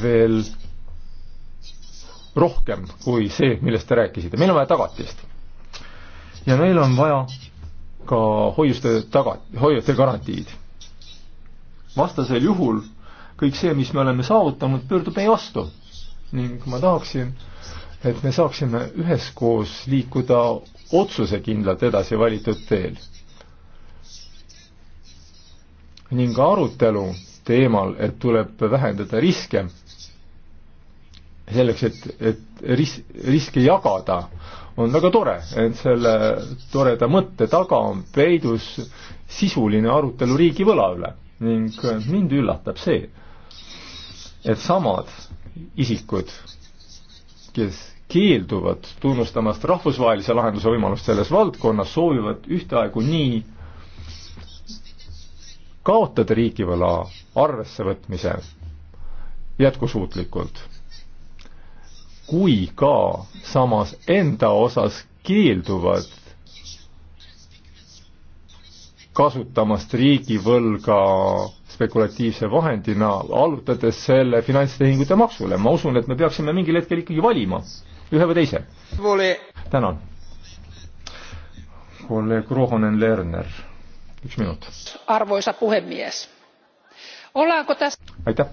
A: veel rohkem kui see, millest te rääkisite. meil on vaja tagatist. ja meil on vaja ka hoiuste taga, hoiuste garantiid. vastasel juhul kõik see, mis me oleme saavutanud, pöördub meie vastu. ning ma tahaksin, et me saaksime üheskoos liikuda otsusekindlalt edasi valitud teel. ning arutelu teemal, et tuleb vähendada riske, selleks, et, et ris-, riske jagada, on väga tore, et selle toreda mõtte taga on peidus sisuline arutelu riigivõla üle ning mind üllatab see, et samad isikud, kes, keelduvad tunnustamast rahvusvahelise lahenduse võimalust selles valdkonnas, soovivad ühtaegu nii kaotada riigivõla arvessevõtmise jätkusuutlikult, kui ka samas enda osas keelduvad kasutamast riigivõlga spekulatiivse vahendina, allutades selle finantstehingute maksule. ma usun, et me peaksime mingil hetkel ikkagi valima ühe või teise? tänan. kolleeg Ruohonen Lerner, üks minut.
B: arvoisa puhemies, ollaanko täs-?
A: aitäh.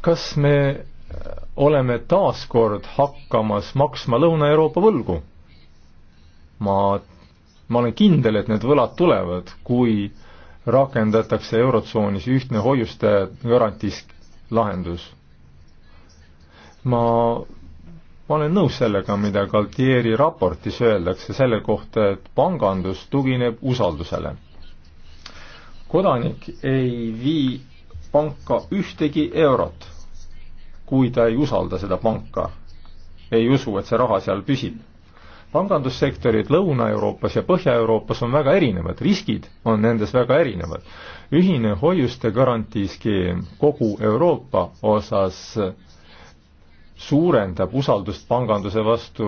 A: kas me oleme taas kord hakkamas maksma Lõuna-Euroopa võlgu? ma, ma olen kindel, et need võlad tulevad, kui rakendatakse Eurotsoonis ühtne hoiuste garantiis lahendus ma ma olen nõus sellega, mida Galtieri raportis öeldakse selle kohta, et pangandus tugineb usaldusele. kodanik ei vii panka ühtegi eurot, kui ta ei usalda seda panka, ei usu, et see raha seal püsib. pangandussektorid Lõuna-Euroopas ja Põhja-Euroopas on väga erinevad, riskid on nendes väga erinevad. ühine hoiuste garantiiskeem kogu Euroopa osas suurendab usaldust panganduse vastu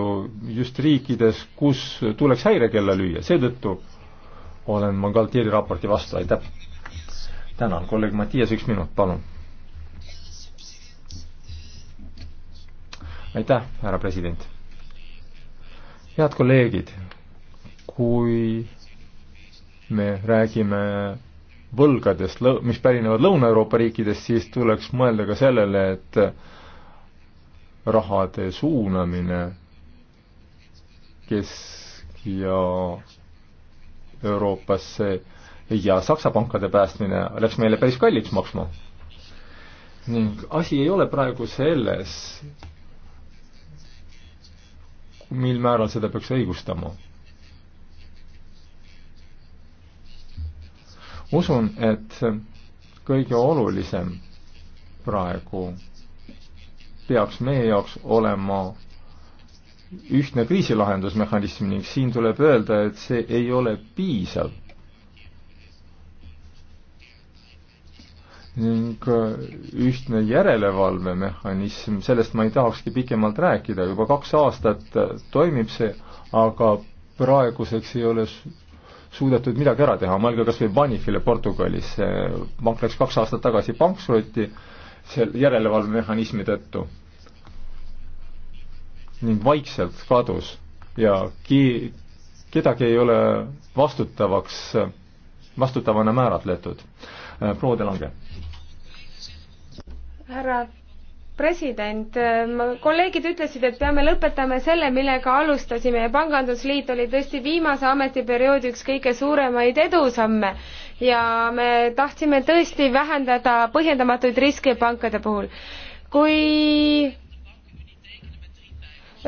A: just riikides, kus tuleks häirekella lüüa, seetõttu olen ma Galtieri raporti vastu, aitäh. tänan, kolleeg Mattias, üks minut, palun. aitäh, härra president. head kolleegid, kui me räägime võlgadest, mis pärinevad Lõuna-Euroopa riikidest, siis tuleks mõelda ka sellele, et rahade suunamine Kesk- ja Euroopasse ja Saksa pankade päästmine läks meile päris kalliks maksma. ning asi ei ole praegu selles, mil määral seda peaks õigustama. usun, et kõige olulisem praegu peaks meie jaoks olema ühtne kriisilahendusmehhanism ning siin tuleb öelda, et see ei ole piisav. ning äh, ühtne järelevalvemehhanism, sellest ma ei tahakski pikemalt rääkida, juba kaks aastat äh, toimib see, aga praeguseks ei ole suudetud midagi ära teha, mõelge kas või Banifile Portugalis, äh, pank läks kaks aastat tagasi pankrotti, seal järelevalvemehhanismi tõttu ning vaikselt kadus ja ki-, kedagi ei ole vastutavaks, vastutavana määratletud. proua De Lange.
C: härra president, kolleegid ütlesid, et peame lõpetama selle, millega alustasime ja Pangandusliit oli tõesti viimase ametiperioodi üks kõige suuremaid edusamme ja me tahtsime tõesti vähendada põhjendamatuid riske pankade puhul. kui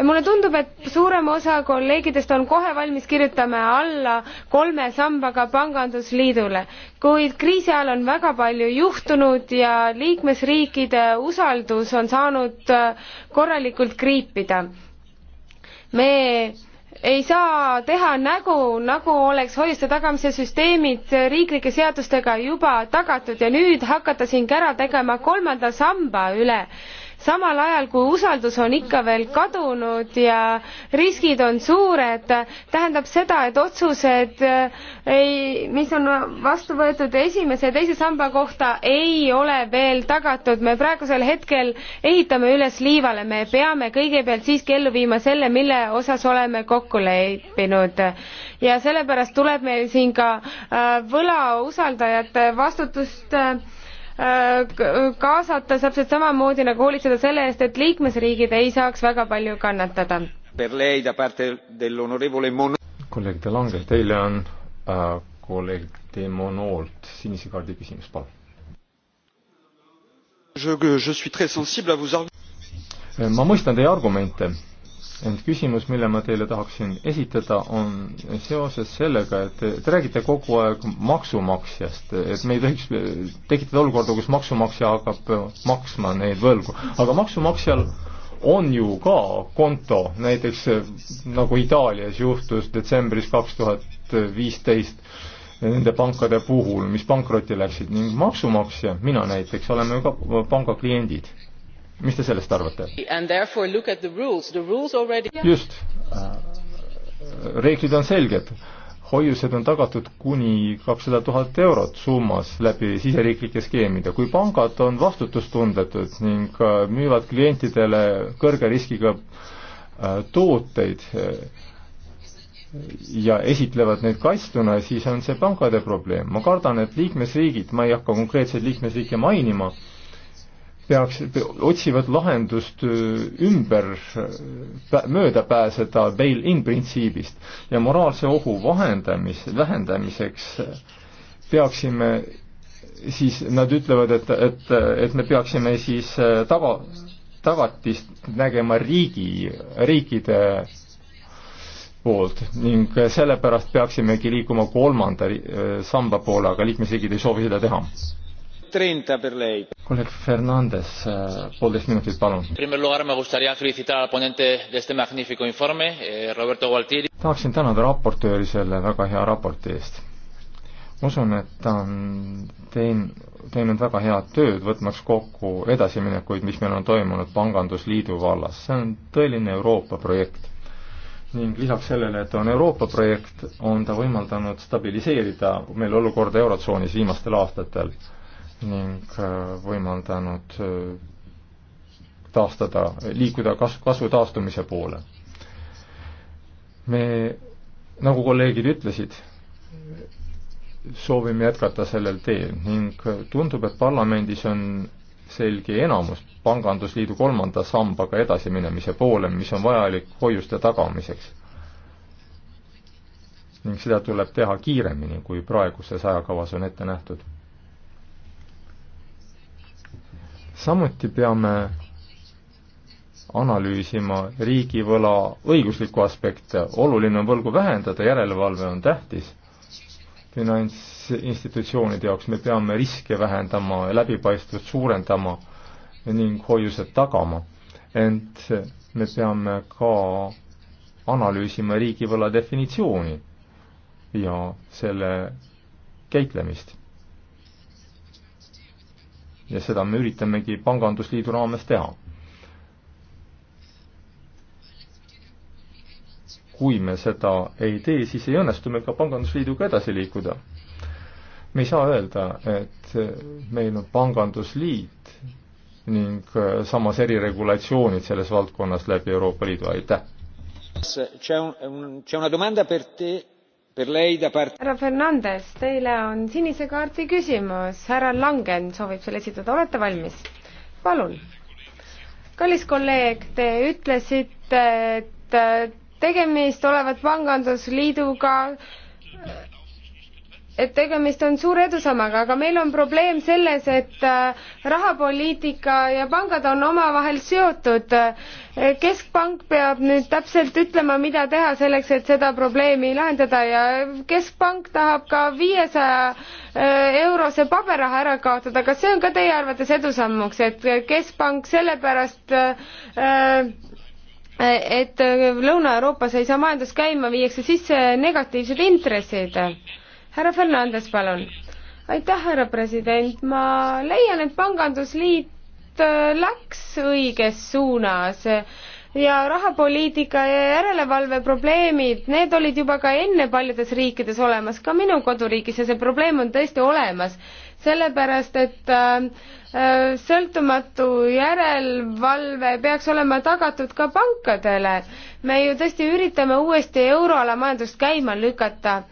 C: mulle tundub, et suurem osa kolleegidest on kohe valmis kirjutama alla kolme sambaga pangandusliidule, kuid kriisi ajal on väga palju juhtunud ja liikmesriikide usaldus on saanud äh, korralikult kriipida. me ei saa teha nägu, nagu oleks hoiuste tagamise süsteemid riiklike seadustega juba tagatud ja nüüd hakata siin kära tegema kolmanda samba üle samal ajal kui usaldus on ikka veel kadunud ja riskid on suured, tähendab seda, et otsused eh, ei, mis on vastu võetud esimese ja teise samba kohta, ei ole veel tagatud. me praegusel hetkel ehitame üles liivale, me peame kõigepealt siiski ellu viima selle, mille osas oleme kokku leppinud ja sellepärast tuleb meil siin ka eh, võlausaldajate vastutust eh, Äh, kaasata täpselt samamoodi nagu hoolitseda selle eest, et liikmesriigid ei saaks väga palju kannatada.
A: kolleeg De Lange, teile on äh, kolleeg De Monolt sinise kaardi küsimus, palun. Äh, ma mõistan teie argumente ent küsimus, mille ma teile tahaksin esitada, on seoses sellega, et te, te räägite kogu aeg maksumaksjast, et me ei tohiks tekitada olukorda, kus maksumaksja hakkab maksma neid võlgu, aga maksumaksjal on ju ka konto, näiteks eh, nagu Itaalias juhtus detsembris kaks tuhat viisteist, nende pankade puhul, mis pankrotti läksid ning maksumaksja, mina näiteks, oleme ju ka panga kliendid mis te sellest arvate? just, äh, reeglid on selged. hoiused on tagatud kuni kakssada tuhat eurot summas läbi siseriiklike skeemide. kui pangad on vastutustundetud ning äh, müüvad klientidele kõrge riskiga äh, tooteid ja esitlevad neid kaitstuna, siis on see pankade probleem. ma kardan, et liikmesriigid, ma ei hakka konkreetseid liikmesriike mainima, peaks, otsivad lahendust äh, ümber, mööda pääseda bail-in printsiibist ja moraalse ohu vahendamis, vähendamiseks äh, peaksime siis, nad ütlevad, et, et, et me peaksime siis äh, tava, tagatist nägema riigi, riikide poolt ning sellepärast peaksimegi liikuma kolmanda samba poole, aga liikmesriigid ei soovi seda teha kolleeg Fernandes, eh, poolteist minutit, palun. Eh, tahaksin tänada raportööri selle väga hea raporti eest. ma usun, et ta on tein-, teinud väga head tööd, võtmaks kokku edasiminekuid, mis meil on toimunud Pangandusliidu vallas. see on tõeline Euroopa projekt ning lisaks sellele, et on Euroopa projekt, on ta võimaldanud stabiliseerida meil olukorda Eurotsoonis viimastel aastatel ning äh, võimaldanud äh, taastada, liikuda kas-, kasvu taastumise poole. me, nagu kolleegid ütlesid, soovime jätkata sellel teel ning äh, tundub, et parlamendis on selge enamus Pangandusliidu kolmanda sambaga edasiminemise poole, mis on vajalik hoiuste tagamiseks. ning seda tuleb teha kiiremini, kui praeguses ajakavas on ette nähtud samuti peame analüüsima riigivõla õiguslikku aspekte, oluline on võlgu vähendada, järelevalve on tähtis finantsinstitutsioonide jaoks, me peame riske vähendama ja läbipaistvust suurendama ning hoiused tagama. ent me peame ka analüüsima riigivõla definitsiooni ja selle käitlemist ja seda me üritamegi Pangandusliidu raames teha. kui me seda ei tee, siis ei õnnestu meil ka Pangandusliiduga edasi liikuda. me ei saa öelda, et meil on Pangandusliit ning samas eriregulatsioonid selles valdkonnas läbi Euroopa Liidu, aitäh! härra
C: Fernandes, teile on sinise kaardi küsimus. härra Langen soovib selle esitada, olete valmis? palun. kallis kolleeg, te ütlesite, et tegemist olevat pangandusliiduga et tegemist on suure edusammaga, aga meil on probleem selles, et äh, rahapoliitika ja pangad on omavahel seotud. keskpank peab nüüd täpselt ütlema, mida teha selleks, et seda probleemi lahendada ja keskpank tahab ka viiesaja äh, eurose paberraha ära kaotada. kas see on ka teie arvates edusammuks, et keskpank sellepärast äh, äh et Lõuna-Euroopas ei saa majandus käima, viiakse sisse negatiivsed intressid härra Fernandes, palun. aitäh, härra president, ma leian, et pangandusliit äh, läks õiges suunas ja rahapoliitika ja järelevalve probleemid, need olid juba ka enne paljudes riikides olemas, ka minu koduriigis ja see probleem on tõesti olemas, sellepärast et äh, äh sõltumatu järelevalve peaks olema tagatud ka pankadele. me ju tõesti üritame uuesti euroala majandust käima lükata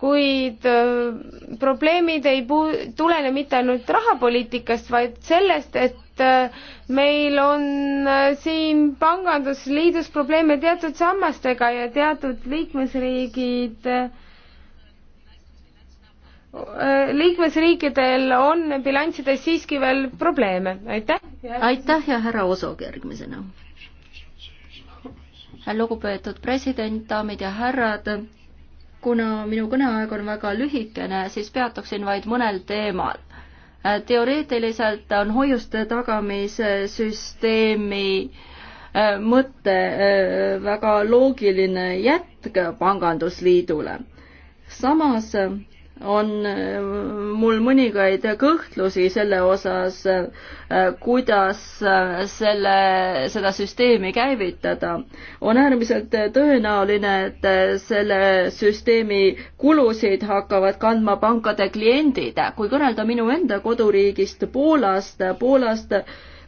C: kuid äh, probleemid ei puu-, tulene mitte ainult rahapoliitikast, vaid sellest, et äh, meil on äh, siin pangandusliidus probleeme teatud sammastega ja teatud liikmesriigid liikmesriikidel on bilanssides siiski veel probleeme, aitäh. aitäh ja
B: härra Osog järgmisena. lugupeetud president, daamid ja härrad kuna minu kõneaeg on väga lühikene, siis peatuksin vaid mõnel teemal. Äh, teoreetiliselt on hoiuste tagamise süsteemi äh, mõte äh, väga loogiline jätk pangandusliidule. samas on äh, mul mõningaid kõhklusi selle osas, äh, kuidas äh, selle, seda süsteemi käivitada. on äärmiselt tõenäoline, et selle süsteemi kulusid hakkavad kandma pankade kliendid. kui kõnelda minu enda koduriigist Poolast, Poolast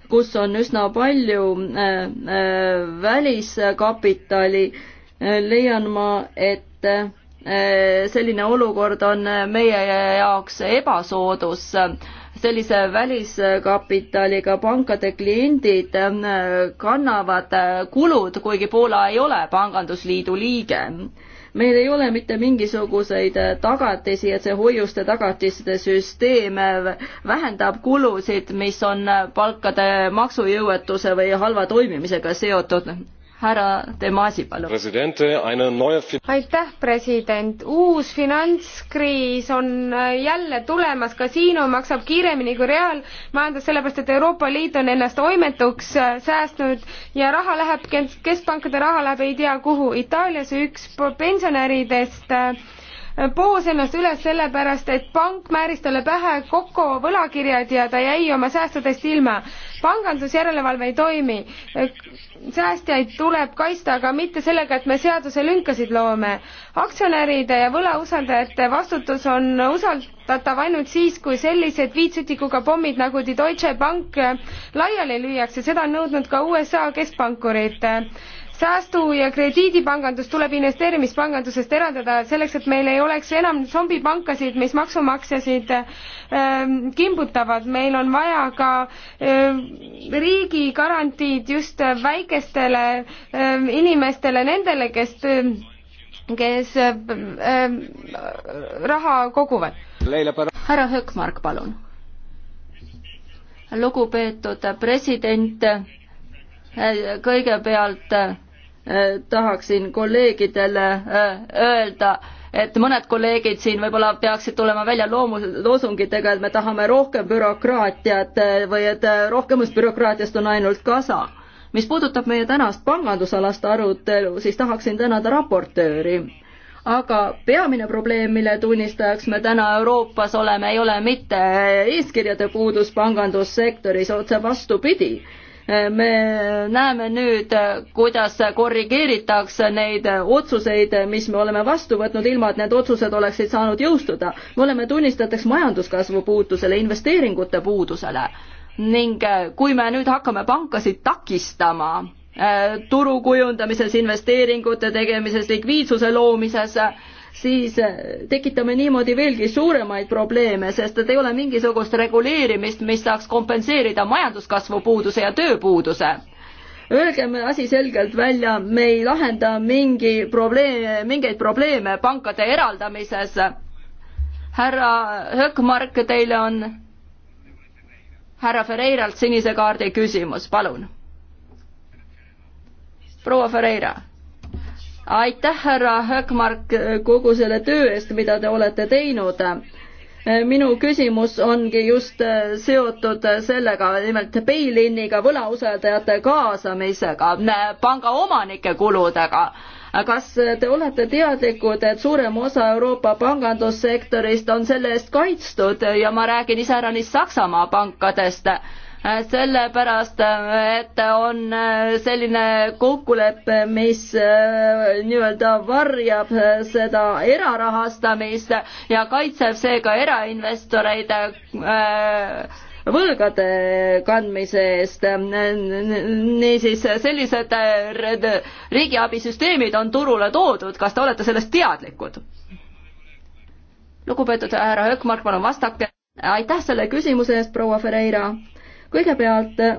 B: kus on üsna palju väliskapitali, leian ma, et Äh, selline olukord on meie jaoks ebasoodus. sellise väliskapitaliga pankade kliendid äh, kannavad äh, kulud, kuigi Poola ei ole pangandusliidu liige meil ei ole mitte mingisuguseid tagatisi, et see hoiuste tagatiste süsteem vähendab kulusid, mis on palkade maksujõuetuse või halva toimimisega seotud härra Demasi, palun. aitäh,
C: president. uus finantskriis on äh, jälle tulemas, kasiino maksab kiiremini kui reaalmajandus, sellepärast et Euroopa Liit on ennast oimetuks äh, säästnud ja raha läheb, keskpankade raha läheb ei tea kuhu. Itaalias üks pensionäridest äh, poos ennast üles sellepärast, et pank määris talle pähe kokku võlakirjad ja ta jäi oma säästudest ilma pangandusjärelevalve ei toimi. säästjaid tuleb kaitsta, aga mitte sellega, et me seaduselünkasid loome. aktsionäride ja võlausaldajate vastutus on usaldatav ainult siis, kui sellised viitsutikuga pommid nagu Die Deutsche Bank laiali lüüakse, seda on nõudnud ka USA keskpankurid säästu- ja krediidipangandus tuleb investeerimispangandusest eraldada selleks, et meil ei oleks enam zombipankasid, mis maksumaksjasid ähm, kimbutavad. meil on vaja ka ähm, riigi garantiid just väikestele ähm, inimestele, nendele, kes, ähm, kes
B: ähm,
C: raha koguvad.
B: härra Höökmark, palun. lugupeetud president äh, kõigepealt äh, Äh, tahaksin kolleegidele äh, öelda, et mõned kolleegid siin võib-olla peaksid tulema välja loomu-, loosungitega, et me tahame rohkem bürokraatiat äh, või et rohkemast bürokraatiast on ainult kasa. mis puudutab meie tänast pangandusalast arutelu, siis tahaksin tänada raportööri aga peamine probleem, mille tunnistajaks me täna Euroopas oleme, ei ole mitte eeskirjade puudus pangandussektoris, otse vastupidi me näeme nüüd, kuidas korrigeeritakse neid otsuseid, mis me oleme vastu võtnud, ilma et need otsused oleksid saanud jõustuda. me oleme tunnistajateks majanduskasvu puudusele, investeeringute puudusele ning kui me nüüd hakkame pankasid takistama eh, turu kujundamises, investeeringute tegemises, likviidsuse loomises, siis äh, tekitame niimoodi veelgi suuremaid probleeme, sest et ei ole mingisugust reguleerimist, mis saaks kompenseerida majanduskasvu puuduse ja tööpuuduse öelgem asi selgelt välja, me ei lahenda mingi probleem, mingeid probleeme pankade eraldamises. härra Höökmark, teile on härra Ferreiralt sinise kaardi küsimus, palun. proua Ferreira aitäh, härra Hökmark, kogu selle töö eest, mida te olete teinud. minu küsimus ongi just seotud sellega, nimelt bail-in'iga, võlausaldajate kaasamisega, panga omanike kuludega kas te olete teadlikud, et suurem osa Euroopa pangandussektorist on selle eest kaitstud ja ma räägin iseäranis Saksamaa pankadest sellepärast, et on äh, selline kokkulepe, mis äh, nii-öelda varjab äh, seda erarahastamist ja kaitseb seega erainvestoreid võlgade kandmise eest. niisiis sellised riigiabisüsteemid on turule toodud, kas te olete sellest teadlikud? lugupeetud härra Hökmark, palun vastake. aitäh selle küsimuse eest, proua Ferreira kõigepealt äh,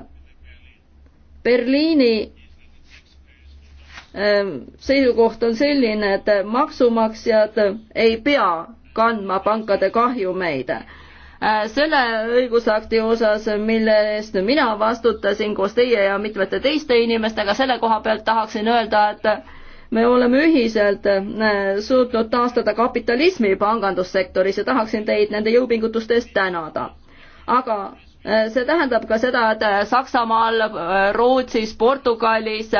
B: Berliini ähm, seisukoht on selline, et maksumaksjad ei pea kandma pankade kahjumeid. Äh, selle õigusakti osas, mille eest mina vastutasin koos teie ja mitmete teiste inimestega, selle koha pealt tahaksin öelda, et me oleme ühiselt äh, suutnud taastada kapitalismi pangandussektoris ja tahaksin teid nende jõupingutuste eest tänada. aga see tähendab ka seda, et Saksamaal, Rootsis, Portugalis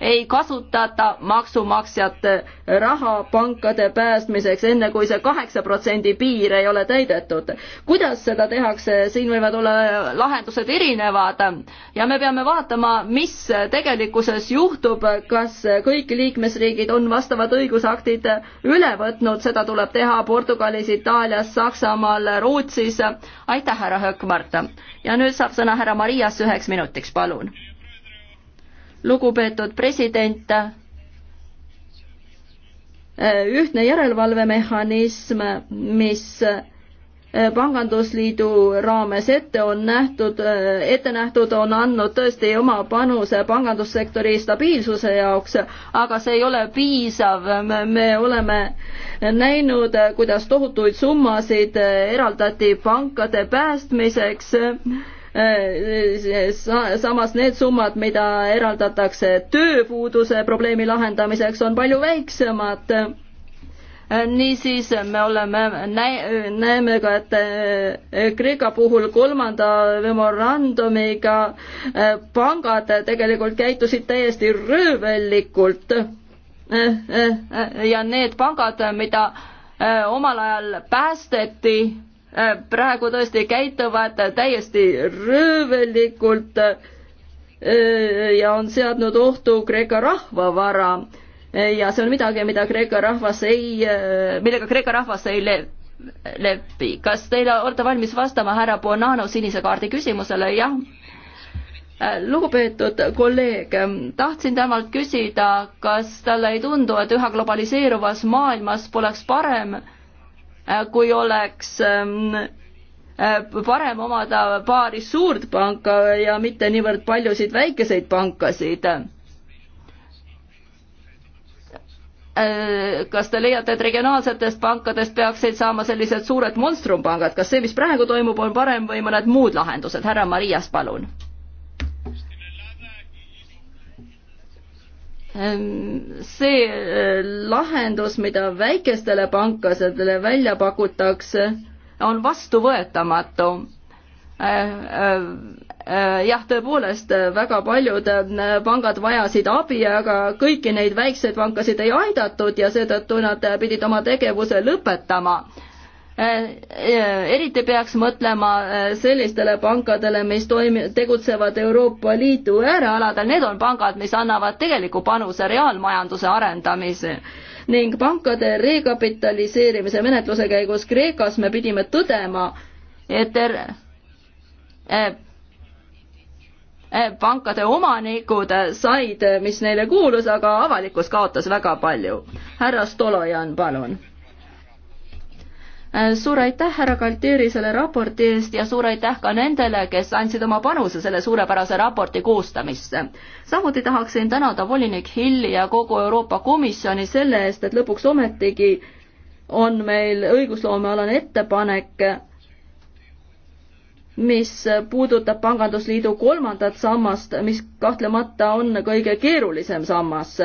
B: ei kasutata maksumaksjate raha pankade päästmiseks, enne kui see kaheksa protsendi piir ei ole täidetud. kuidas seda tehakse, siin võivad olla lahendused erinevad ja me peame vaatama, mis tegelikkuses juhtub, kas kõik liikmesriigid on vastavad õigusaktid üle võtnud, seda tuleb teha Portugalis, Itaalias, Saksamaal, Rootsis. aitäh, härra Höökmart. ja nüüd saab sõna härra Marias üheks minutiks, palun lugupeetud president, äh, ühtne järelevalvemehhanism, mis äh, pangandusliidu raames ette on nähtud, äh, ette nähtud, on andnud tõesti oma panuse pangandussektori stabiilsuse jaoks, aga see ei ole piisav. me oleme näinud, kuidas tohutuid summasid eraldati pankade päästmiseks Äh, äh, samas need summad, mida eraldatakse tööpuuduse probleemi lahendamiseks, on palju väiksemad. Äh, niisiis me oleme, näeme ka, et Kreeka puhul kolmanda memorandumiga pangad tegelikult käitusid täiesti röövellikult. ja need pangad, mida omal ajal päästeti Äh, praegu tõesti käituvad täiesti röövellikult äh, ja on seadnud ohtu Kreeka rahvavara. ja see on midagi, mida Kreeka rahvas ei, äh, millega Kreeka rahvas ei le-, lepi. kas teil, olete valmis vastama härra Bonanno sinise kaardi küsimusele, jah? lugupeetud kolleeg, tahtsin temalt küsida, kas talle ei tundu, et üha globaliseeruvas maailmas poleks parem, Äh, kui oleks ähm, äh, parem omada paari suurt panka ja mitte niivõrd paljusid väikeseid pankasid. Äh, kas te leiate, et regionaalsetest pankadest peaksid saama sellised suured monstrumpangad, kas see, mis praegu toimub, on parem või mõned muud lahendused? härra Marias, palun Ähm, see äh, lahendus, mida väikestele pankasidele välja pakutakse, on vastuvõetamatu äh, äh, jah, tõepoolest väga paljud pangad vajasid abi, aga kõiki neid väikseid pankasid ei aidatud ja seetõttu nad pidid oma tegevuse lõpetama Äh, äh, eriti peaks mõtlema äh, sellistele pankadele, mis toimi-, tegutsevad Euroopa Liidu äärealadel, need on pangad, mis annavad tegeliku panuse reaalmajanduse arendamise ning pankade rekapitaliseerimise menetluse käigus Kreekas me pidime tõdema, et er, eh, eh, pankade omanikud said, mis neile kuulus, aga avalikkus kaotas väga palju. härra Stolojan, palun Äh, suur aitäh härra Kalteeri selle raporti eest ja suur aitäh ka nendele, kes andsid oma panuse selle suurepärase raporti koostamisse. samuti tahaksin tänada volinik Hilli ja kogu Euroopa Komisjoni selle eest, et lõpuks ometigi on meil õigusloomealane ettepanek, mis puudutab Pangandusliidu kolmandat sammast, mis kahtlemata on kõige keerulisem sammas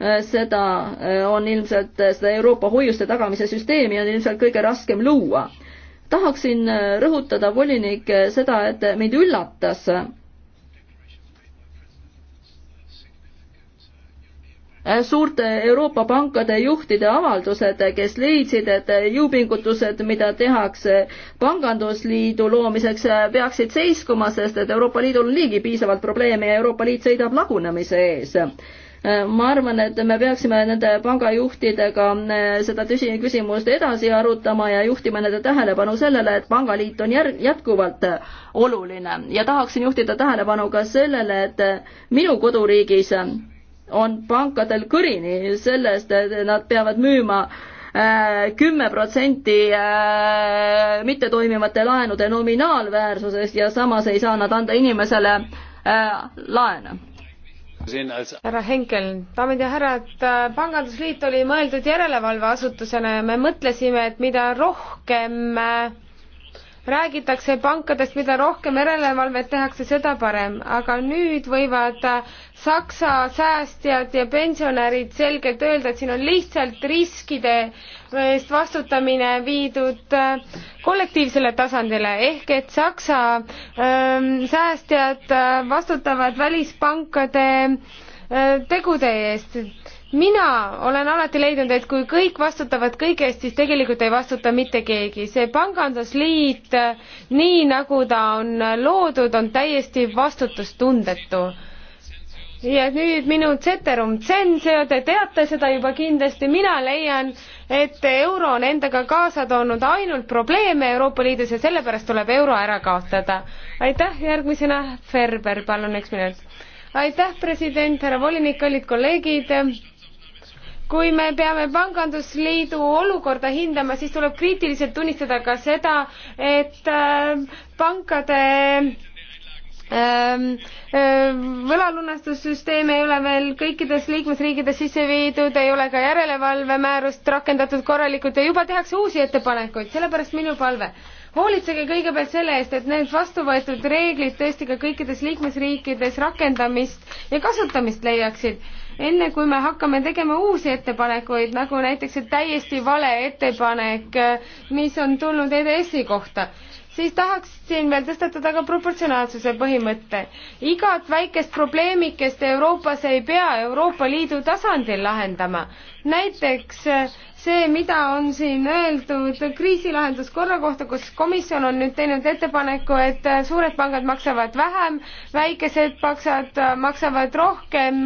B: Äh, seda äh, on ilmselt, äh, seda Euroopa hoiuste tagamise süsteemi on ilmselt kõige raskem luua. tahaksin rõhutada, volinik, seda, et mind üllatas suurte Euroopa pankade juhtide avaldused, kes leidsid, et jõupingutused, mida tehakse pangandusliidu loomiseks, peaksid seiskuma, sest et Euroopa Liidul on niigi piisavalt probleeme ja Euroopa Liit sõidab lagunemise ees Äh, ma arvan, et me peaksime nende pangajuhtidega äh, seda tõsi-, küsimust edasi arutama ja juhtima nende tähelepanu sellele, et pangaliit on järg-, jätkuvalt äh, oluline ja tahaksin juhtida tähelepanu ka sellele, et minu koduriigis on pankadel kõrini sellest, et nad peavad müüma kümme protsenti mittetoimivate laenude nominaalväärsusest ja samas ei saa nad anda inimesele laenu
D: härra
B: Henkel, daamid ja härrad, pangandusliit oli mõeldud järelevalveasutusena
C: ja me mõtlesime, et mida rohkem äh, räägitakse pankadest, mida rohkem järelevalvet tehakse, seda parem, aga nüüd võivad Saksa säästjad ja pensionärid selgelt öelda, et siin on lihtsalt riskide eest vastutamine viidud äh, kollektiivsele tasandile ehk et Saksa ähm, säästjad äh, vastutavad välispankade äh, tegude eest mina olen alati leidnud, et kui kõik vastutavad kõige eest, siis tegelikult ei vastuta mitte keegi. see pangandusliit, nii nagu ta on loodud, on täiesti vastutustundetu. ja nüüd minu ceterum censeo, te teate seda juba kindlasti, mina leian, et euro on endaga kaasa toonud ainult probleeme Euroopa Liidus ja sellepärast tuleb euro ära kaotada. aitäh, järgmisena Ferber, palun üks minut. aitäh, president, härra volinik, kallid kolleegid kui me peame pangandusliidu olukorda hindama, siis tuleb kriitiliselt tunnistada ka seda, et ähm, pankade ähm, äh, võlalunastussüsteem ei ole veel kõikides liikmesriikides sisse viidud, ei ole ka järelevalvemäärust rakendatud korralikult ja juba tehakse uusi ettepanekuid, sellepärast minu palve, hoolitsege kõigepealt selle eest, et need vastu võetud reeglid tõesti ka kõikides liikmesriikides rakendamist ja kasutamist leiaksid enne kui me hakkame tegema uusi ettepanekuid, nagu näiteks see täiesti vale ettepanek, mis on tulnud EDS-i kohta siis tahaksin veel tõstatada ka proportsionaalsuse põhimõtte. igat väikest probleemikest Euroopas ei pea Euroopa Liidu tasandil lahendama. näiteks see, mida on siin öeldud kriisilahenduskorra kohta, kus komisjon on nüüd teinud ettepaneku, et suured pangad maksavad vähem, väikesed paksad maksavad rohkem.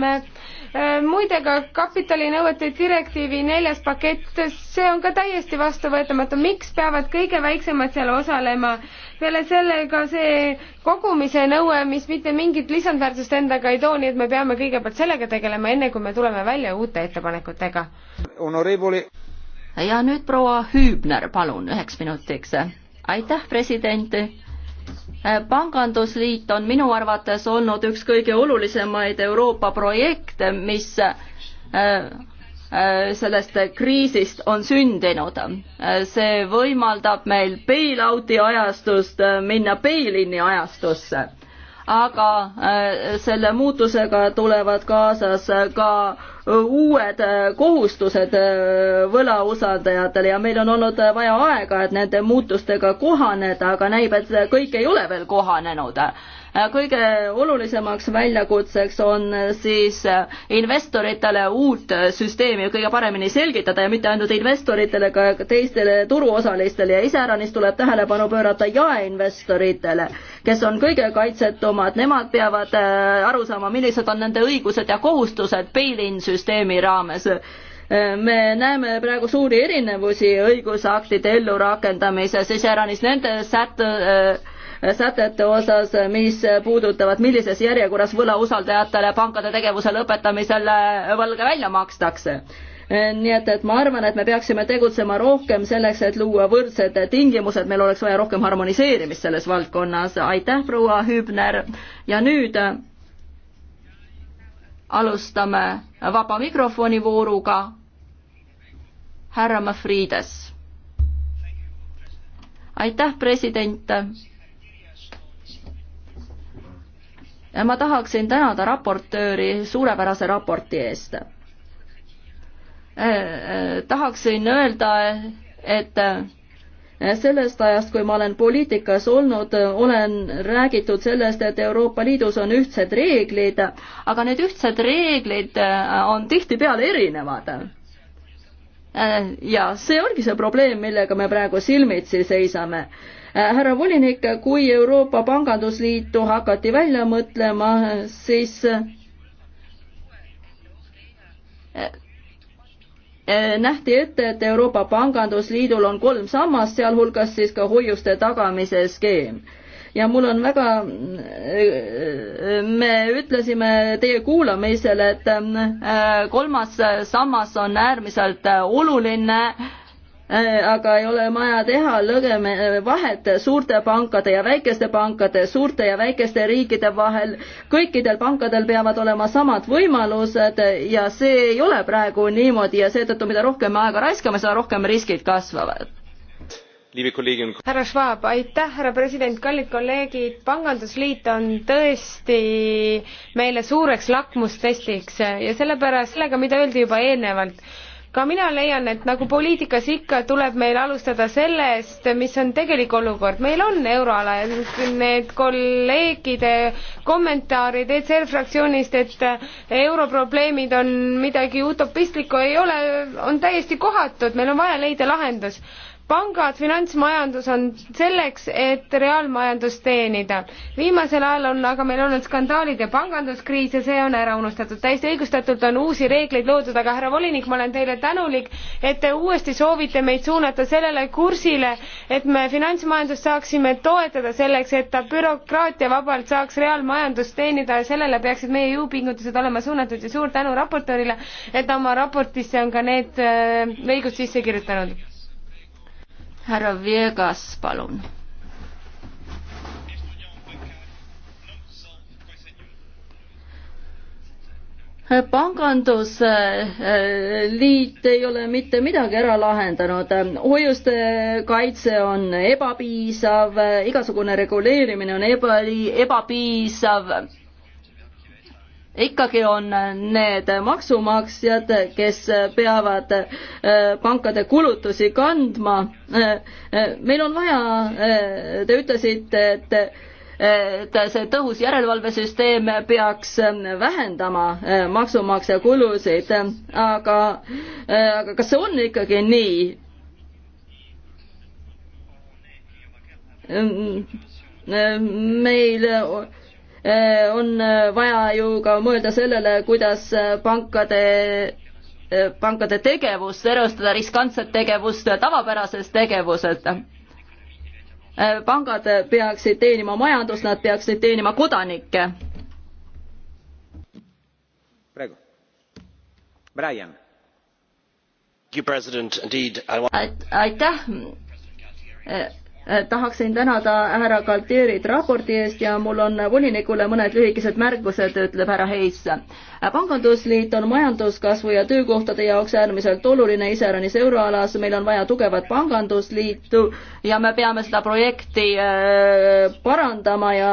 C: muide, ka kapitalinõuete direktiivi neljas pakett, see on ka täiesti vastuvõetamatu, miks peavad kõige väiksemad seal osalema? peale selle ka see kogumise nõue, mis mitte mingit lisandväärtust endaga ei too, nii et me peame kõigepealt sellega tegelema, enne kui me tuleme välja uute ettepanekutega
B: ja nüüd proua Hüübner, palun, üheks minutiks. aitäh, president. pangandusliit on minu arvates olnud üks kõige olulisemaid Euroopa projekte, mis äh, äh, sellest kriisist on sündinud. see võimaldab meil bailout'i ajastust äh, minna bail-in'i ajastusse aga äh, selle muutusega tulevad kaasas äh, ka äh, uued kohustused võlausaldajatele ja meil on olnud vaja aega, et nende muutustega kohaneda, aga näib, et kõik ei ole veel kohanenud Äh, kõige olulisemaks väljakutseks on äh, siis äh, investoritele uut süsteemi kõige paremini selgitada ja mitte ainult investoritele, ka teistele turuosalistele ja iseäranis tuleb tähelepanu pöörata jaeinvestoritele, kes on kõige kaitsetumad, nemad peavad aru saama, millised on nende õigused ja kohustused bail-in süsteemi raames me näeme praegu suuri erinevusi õigusaktide ellurakendamises, iseäranis nende sät-, sätete osas, mis puudutavad, millises järjekorras võlausaldajatele pankade tegevuse lõpetamisel äh, võlga välja makstakse nii et, et ma arvan, et me peaksime tegutsema rohkem selleks, et luua võrdsed tingimused, meil oleks vaja rohkem harmoniseerimist selles valdkonnas. aitäh, proua Hübner. ja nüüd alustame vaba mikrofoni vooruga. härra Mafrides. aitäh, president ma tahaksin tänada raportööri suurepärase raporti eest. Äh, äh, tahaksin öelda, et äh, sellest ajast, kui ma olen poliitikas olnud, olen räägitud sellest, et Euroopa Liidus on ühtsed reeglid, aga need ühtsed reeglid on tihtipeale erinevad. ja see ongi see probleem, millega me praegu silmitsi seisame Äh, härra volinik, kui Euroopa Pangandusliitu hakati välja mõtlema, siis äh, äh, nähti ette, et Euroopa Pangandusliidul on kolm sammast, sealhulgas siis ka hoiuste tagamise skeem. ja mul on väga, me ütlesime teie kuulamisel, et kolmas sammas on äärmiselt oluline Äh, aga ei ole vaja teha lõgeme, äh, vahet suurte pankade ja väikeste pankade, suurte ja väikeste riikide vahel. kõikidel pankadel peavad olema samad võimalused ja see ei ole praegu niimoodi ja seetõttu, mida rohkem me aega raiskame, seda rohkem riskid kasvavad härra Schwab, aitäh, härra president, kallid
C: kolleegid, pangandusliit on tõesti meile suureks lakmustestiks ja sellepärast sellega, mida öeldi juba eelnevalt ka mina leian, et nagu poliitikas ikka, tuleb meil alustada sellest, mis on tegelik olukord. meil on euroala ja need kolleegide kommentaarid ECR fraktsioonist, et europrobleemid on midagi utopistlikku, ei ole, on täiesti kohatud, meil on vaja leida lahendus pangad, finantsmajandus on selleks, et reaalmajandust teenida. viimasel ajal on aga meil olnud skandaalid ja panganduskriis ja see on ära unustatud. täiesti õigustatult on uusi reegleid loodud, aga härra volinik, ma olen teile tänulik, et te uuesti soovite meid suunata sellele kursile, et me finantsmajandust saaksime toetada selleks, et ta bürokraatiavabalt saaks reaalmajandust teenida ja sellele peaksid meie jõupingutused olema suunatud ja suur tänu raportöörile, et ta oma raportisse on ka need lõigud äh, sisse
B: kirjutanud härra Viegas, palun. pangandusliit eh, ei ole mitte midagi ära lahendanud, hoiuste kaitse on ebapiisav, igasugune reguleerimine on eba, ebapiisav ikkagi on need maksumaksjad, kes peavad äh, pankade kulutusi kandma. Äh, äh, meil on vaja, te ütlesite, et et see tõhus järelevalvesüsteem peaks vähendama maksumaksja kulusid, aga, aga kas see on ikkagi nii? Mm, mm, meil Äh, on äh, vaja ju ka mõelda sellele, kuidas äh, pankade pankade tegevust, erastada riskantset tegevust tavapärasest tegevusest. pangad peaksid teenima majandust, nad peaksid teenima kodanikke.
C: praegu. Brian.
B: aitäh Äh, tahaksin tänada härra Kalteerit raporti eest ja mul on volinikule mõned lühikesed märkused, ütleb härra Heis. Äh, pangandusliit on majanduskasvu ja töökohtade jaoks äärmiselt oluline iseäranis euroalas, meil on vaja tugevat pangandusliitu ja me peame seda projekti äh, parandama ja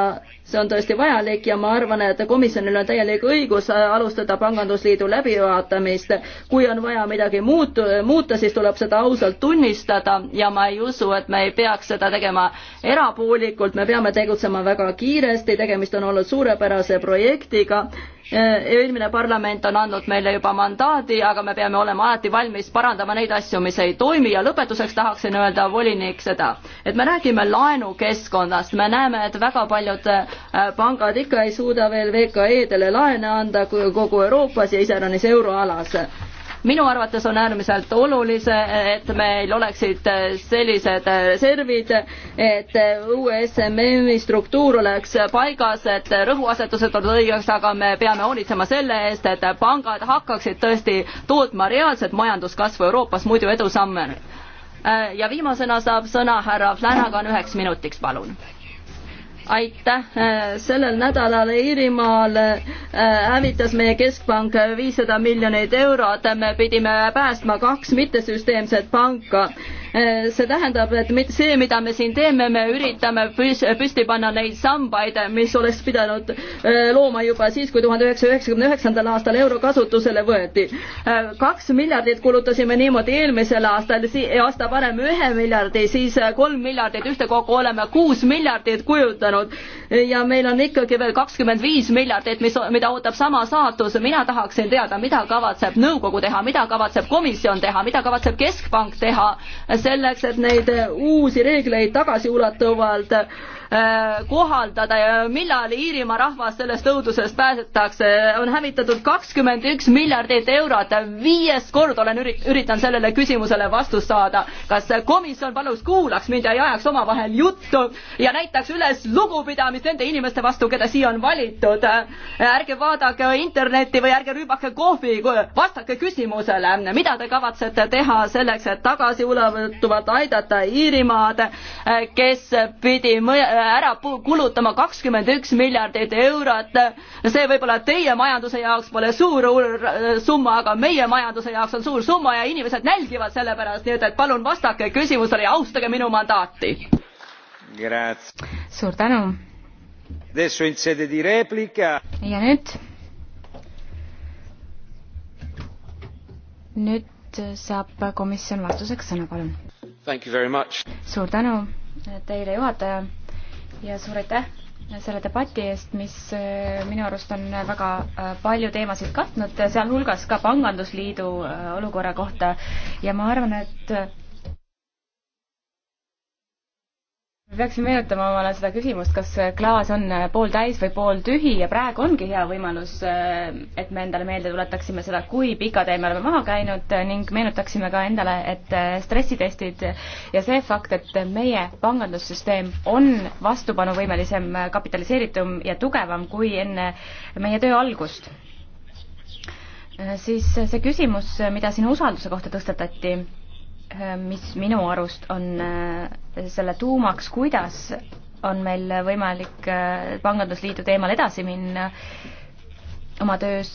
B: see on tõesti vajalik ja ma arvan, et komisjonil on täielik õigus alustada pangandusliidu läbivaatamist. kui on vaja midagi muutu, muuta, siis tuleb seda ausalt tunnistada ja ma ei usu, et me ei peaks seda tegema erapoolikult, me peame tegutsema väga kiiresti, tegemist on olnud suurepärase projektiga Äh, eelmine parlament on andnud meile juba mandaadi, aga me peame olema alati valmis parandama neid asju, mis ei toimi ja lõpetuseks tahaksin öelda volinik seda, et me räägime laenukeskkonnast, me näeme, et väga paljud äh, pangad ikka ei suuda veel VKE-dele laene anda kogu Euroopas ja iseäranis euroalas minu arvates on äärmiselt olulise, et meil oleksid sellised reservid, et USMM-i struktuur oleks paigas, et rõhuasetused on õigeks, aga me peame hoolitsema selle eest, et pangad hakkaksid tõesti tootma reaalset majanduskasvu Euroopas, muidu edusamme. ja viimasena saab sõna härra Flanagan üheks minutiks, palun aitäh, äh, sellel nädalal Iirimaal äh, hävitas meie keskpank äh, viissada miljonit eurot, me pidime päästma kaks mittesüsteemset panka Äh, see tähendab, et see, mida me siin teeme, me üritame püsti panna neid sambaid, mis oleks pidanud äh, looma juba siis, kui tuhande üheksasaja üheksakümne üheksandal aastal euro kasutusele võeti. Äh, kaks miljardit kulutasime niimoodi eelmisel aastal, aasta varem ühe miljardi, siis kolm miljardit, ühtekokku oleme kuus miljardit kujutanud ja meil on ikkagi veel kakskümmend viis miljardit, mis, mida ootab sama saatus. mina tahaksin teada, mida kavatseb nõukogu teha, mida kavatseb komisjon teha, mida kavatseb keskpank teha see selleks, et neid äh, uusi reegleid tagasiulatuvalt Äh, kohaldada ja millal Iirimaa rahvas sellest õudusest pääsetakse, on hävitatud kakskümmend üks miljardit eurot, viies kord olen ürit-, üritan sellele küsimusele vastust saada. kas komisjon palus kuulaks mind ja ei ajaks omavahel juttu ja näitaks üles lugupidamist nende inimeste vastu, keda siia on valitud. ärge vaadake internetti või ärge rüübake kohvi, vastake küsimusele, mida te kavatsete teha selleks, et tagasiulatuvalt aidata Iirimaad, kes pidi mõja ära kulutama kakskümmend üks miljardit eurot. see võib-olla teie majanduse jaoks pole suur summa, aga meie majanduse jaoks on suur summa ja inimesed nälgivad selle pärast, nii et, et palun vastake küsimusele ja austage minu mandaati. suur tänu. ja nüüd?
D: nüüd saab komisjon vastuseks sõna, palun. suur tänu teile, juhataja ja suur aitäh selle debati eest, mis äh, minu arust on väga äh, palju teemasid katnud, sealhulgas ka Pangandusliidu äh, olukorra kohta ja ma arvan, et me peaksime meenutama omale seda küsimust, kas klaas on pooltäis või pooltühi ja praegu ongi hea võimalus, et me endale meelde tuletaksime seda, kui pika tee me oleme maha käinud ning meenutaksime ka endale, et stressitestid ja see fakt, et meie pangandussüsteem on vastupanuvõimelisem, kapitaliseeritum ja tugevam kui enne meie töö algust. siis see küsimus, mida siin usalduse kohta tõstatati mis minu arust on äh, selle tuumaks, kuidas on meil võimalik äh, pangandusliidu teemal edasi minna oma töös,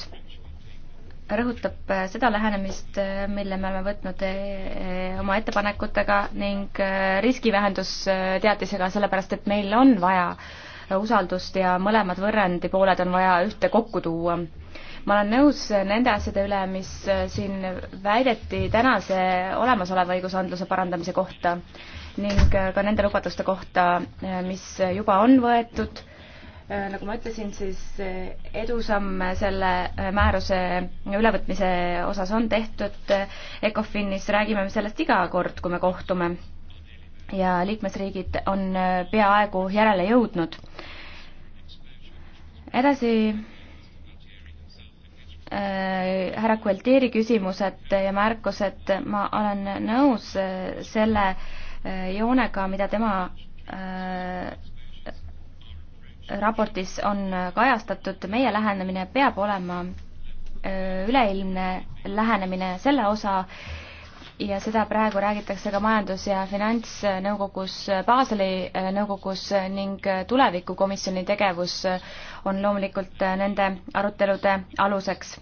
D: rõhutab äh, seda lähenemist, mille me oleme võtnud oma ettepanekutega ning riskivähendusteatisega, sellepärast et meil on vaja usaldust ja mõlemad võrrandipooled on vaja ühte kokku tuua ma olen nõus nende asjade üle, mis äh, siin väideti tänase olemasoleva õigusandluse parandamise kohta ning äh, ka nende lubaduste kohta, äh, mis juba on võetud nagu ma ütlesin, siis edusamm selle määruse ülevõtmise osas on tehtud. ECOFINis räägime me sellest iga kord, kui me kohtume ja liikmesriigid on peaaegu järele jõudnud. edasi Äh, härra Gualtieri küsimused ja märkused, ma olen nõus äh, selle äh, joonega, mida tema raportis on kajastatud, meie lähenemine peab olema üleilmne lähenemine selle osa, ja seda praegu räägitakse ka Majandus- ja Finantsnõukogus, Baseli äh, nõukogus ning äh, tulevikukomisjoni tegevus äh, on loomulikult nende arutelude aluseks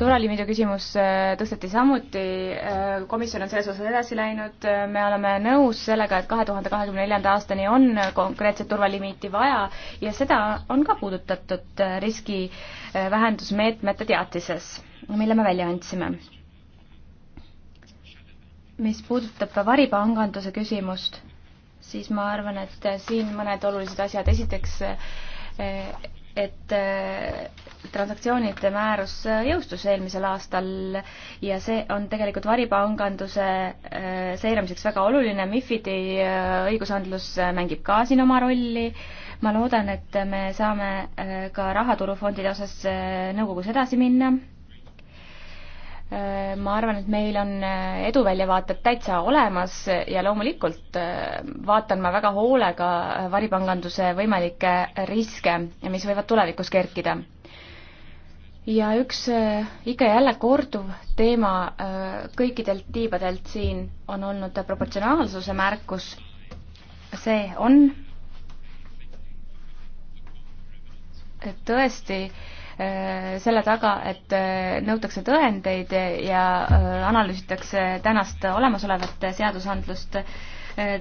D: turvalimiidu küsimus äh, tõsteti samuti, äh, komisjon on selles osas edasi läinud, äh, me oleme nõus sellega, et kahe tuhande kahekümne neljanda aastani on konkreetset turvalimiiti vaja ja seda on ka puudutatud riski vähendusmeetmete teatises, mille me välja andsime. mis puudutab varipanganduse küsimust, siis ma arvan, et siin mõned olulised asjad, esiteks et äh, transaktsioonide määrus äh, jõustus eelmisel aastal ja see on tegelikult varipanganduse äh, seiramiseks väga oluline. MIFID-i õigusandlus mängib ka siin oma rolli. ma loodan, et me saame ka rahaturufondide osas nõukogus edasi minna Äh, ma arvan, et meil on äh, eduväljavaated täitsa olemas ja loomulikult äh, vaatan ma väga hoolega varipanganduse võimalikke riske, mis võivad tulevikus kerkida. ja üks ikka ja jälle korduv teema kõikidelt tiibadelt siin on olnud proportsionaalsuse märkus. see on tõesti äh, tõesti Äh, selle taga, et äh, nõutakse tõendeid ja äh, analüüsitakse tänast olemasolevat seadusandlust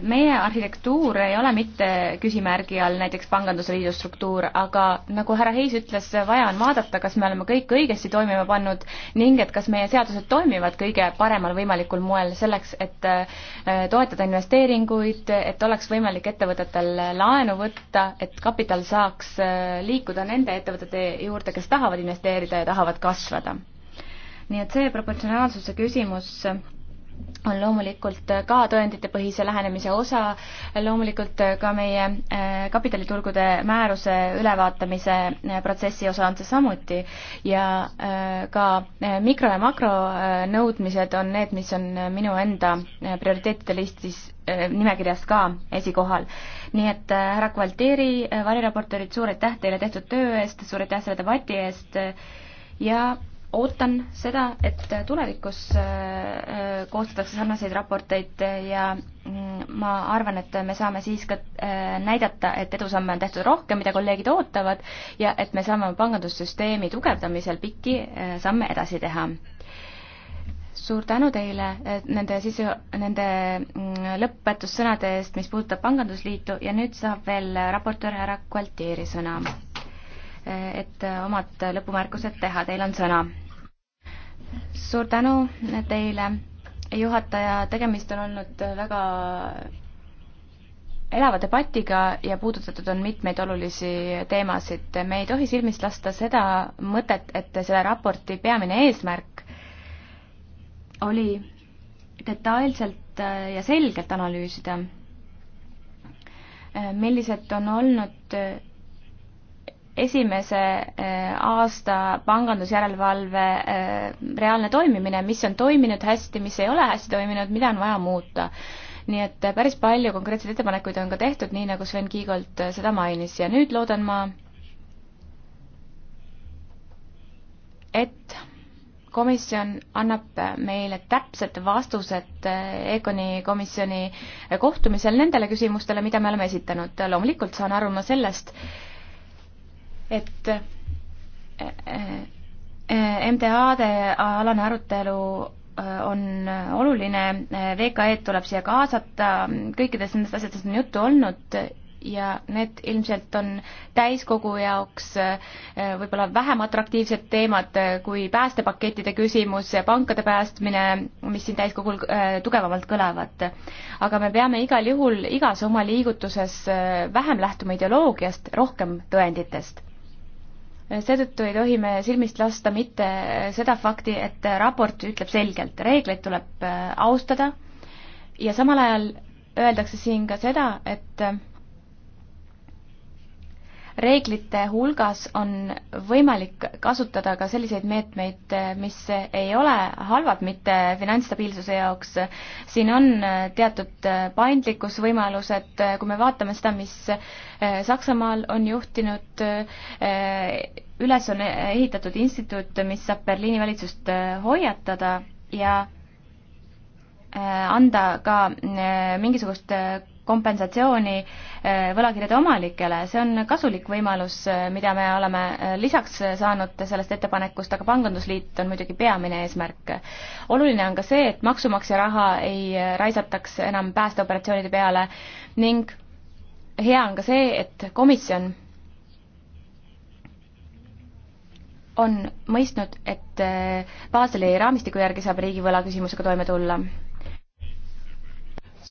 D: meie arhitektuur ei ole mitte küsimärgi all näiteks panganduse liidu struktuur, aga nagu härra Heis ütles, vaja on vaadata, kas me oleme kõik õigesti toimima pannud ning et kas meie seadused toimivad kõige paremal võimalikul moel selleks, et äh, toetada investeeringuid, et oleks võimalik ettevõtetel laenu võtta, et kapital saaks äh, liikuda nende ettevõtete juurde, kes tahavad investeerida ja tahavad kasvada. nii et see proportsionaalsuse küsimus on loomulikult ka tõenditepõhise lähenemise osa, loomulikult ka meie äh, kapitaliturgude määruse ülevaatamise äh, protsessi osa on see samuti ja äh, ka mikro- ja makronõudmised on need, mis on minu enda prioriteetide listis nimekirjas ka esikohal. nii et härra Kvalteeri variraportöörid, suur aitäh teile tehtud töö eest, suur aitäh selle debati eest ja ootan seda, et tulevikus äh, äh, koostatakse sarnaseid raporteid ja mm, ma arvan, et me saame siis ka äh, näidata, et edusamme on tehtud rohkem, mida kolleegid ootavad, ja et me saame pangandussüsteemi tugevdamisel pikki samme edasi teha. suur tänu teile nende sisu, nende mm, lõppväärtussõnade eest, mis puudutab pangandusliitu ja nüüd saab veel raportöör härra Gualtieri sõna et omad lõpumärkused teha, teil on sõna. suur tänu teile, juhataja, tegemist on olnud väga elava debatiga ja puudutatud on mitmeid olulisi teemasid. me ei tohi silmist lasta seda mõtet, et selle raporti peamine eesmärk oli detailselt ja selgelt analüüsida, millised on olnud esimese eh, aasta pangandusjärelevalve eh, reaalne toimimine, mis on toiminud hästi, mis ei ole hästi toiminud, mida on vaja muuta. nii et päris palju konkreetseid ettepanekuid on ka tehtud, nii nagu Sven Kiigolt eh, seda mainis ja nüüd loodan ma, et komisjon annab meile täpsed vastused EKONi komisjoni kohtumisel nendele küsimustele, mida me oleme esitanud. loomulikult saan aru ma sellest, et eh, MTA-de alane arutelu eh, on oluline, VKE-d tuleb siia kaasata, kõikidest nendest asjadest on juttu olnud ja need ilmselt on täiskogu jaoks eh, võib-olla vähem atraktiivsed teemad kui päästepakettide küsimus, pankade päästmine, mis siin täiskogul tugevamalt kõlavad. aga me peame igal juhul igas oma liigutuses vähem lähtuma ideoloogiast, rohkem tõenditest seetõttu ei tohi me silmist lasta mitte seda fakti, et raport ütleb selgelt, reegleid tuleb äh, austada ja samal ajal öeldakse siin ka seda, et reeglite hulgas on võimalik kasutada ka selliseid meetmeid, mis ei ole halvad mitte finantsstabiilsuse jaoks. siin on teatud paindlikkusvõimalused, kui me vaatame seda, mis Saksamaal on juhtinud, üles on ehitatud instituut, mis saab Berliini valitsust hoiatada ja anda ka mingisugust kompensatsiooni eh, võlakirjade omanikele, see on kasulik võimalus, eh, mida me oleme eh, lisaks saanud sellest ettepanekust, aga Pangandusliit on muidugi peamine eesmärk. oluline on ka see, et maksumaksja raha ei raisataks enam päästeoperatsioonide peale ning hea on ka see, et komisjon on mõistnud, et Baseli raamistiku järgi saab riigivõla küsimusega toime tulla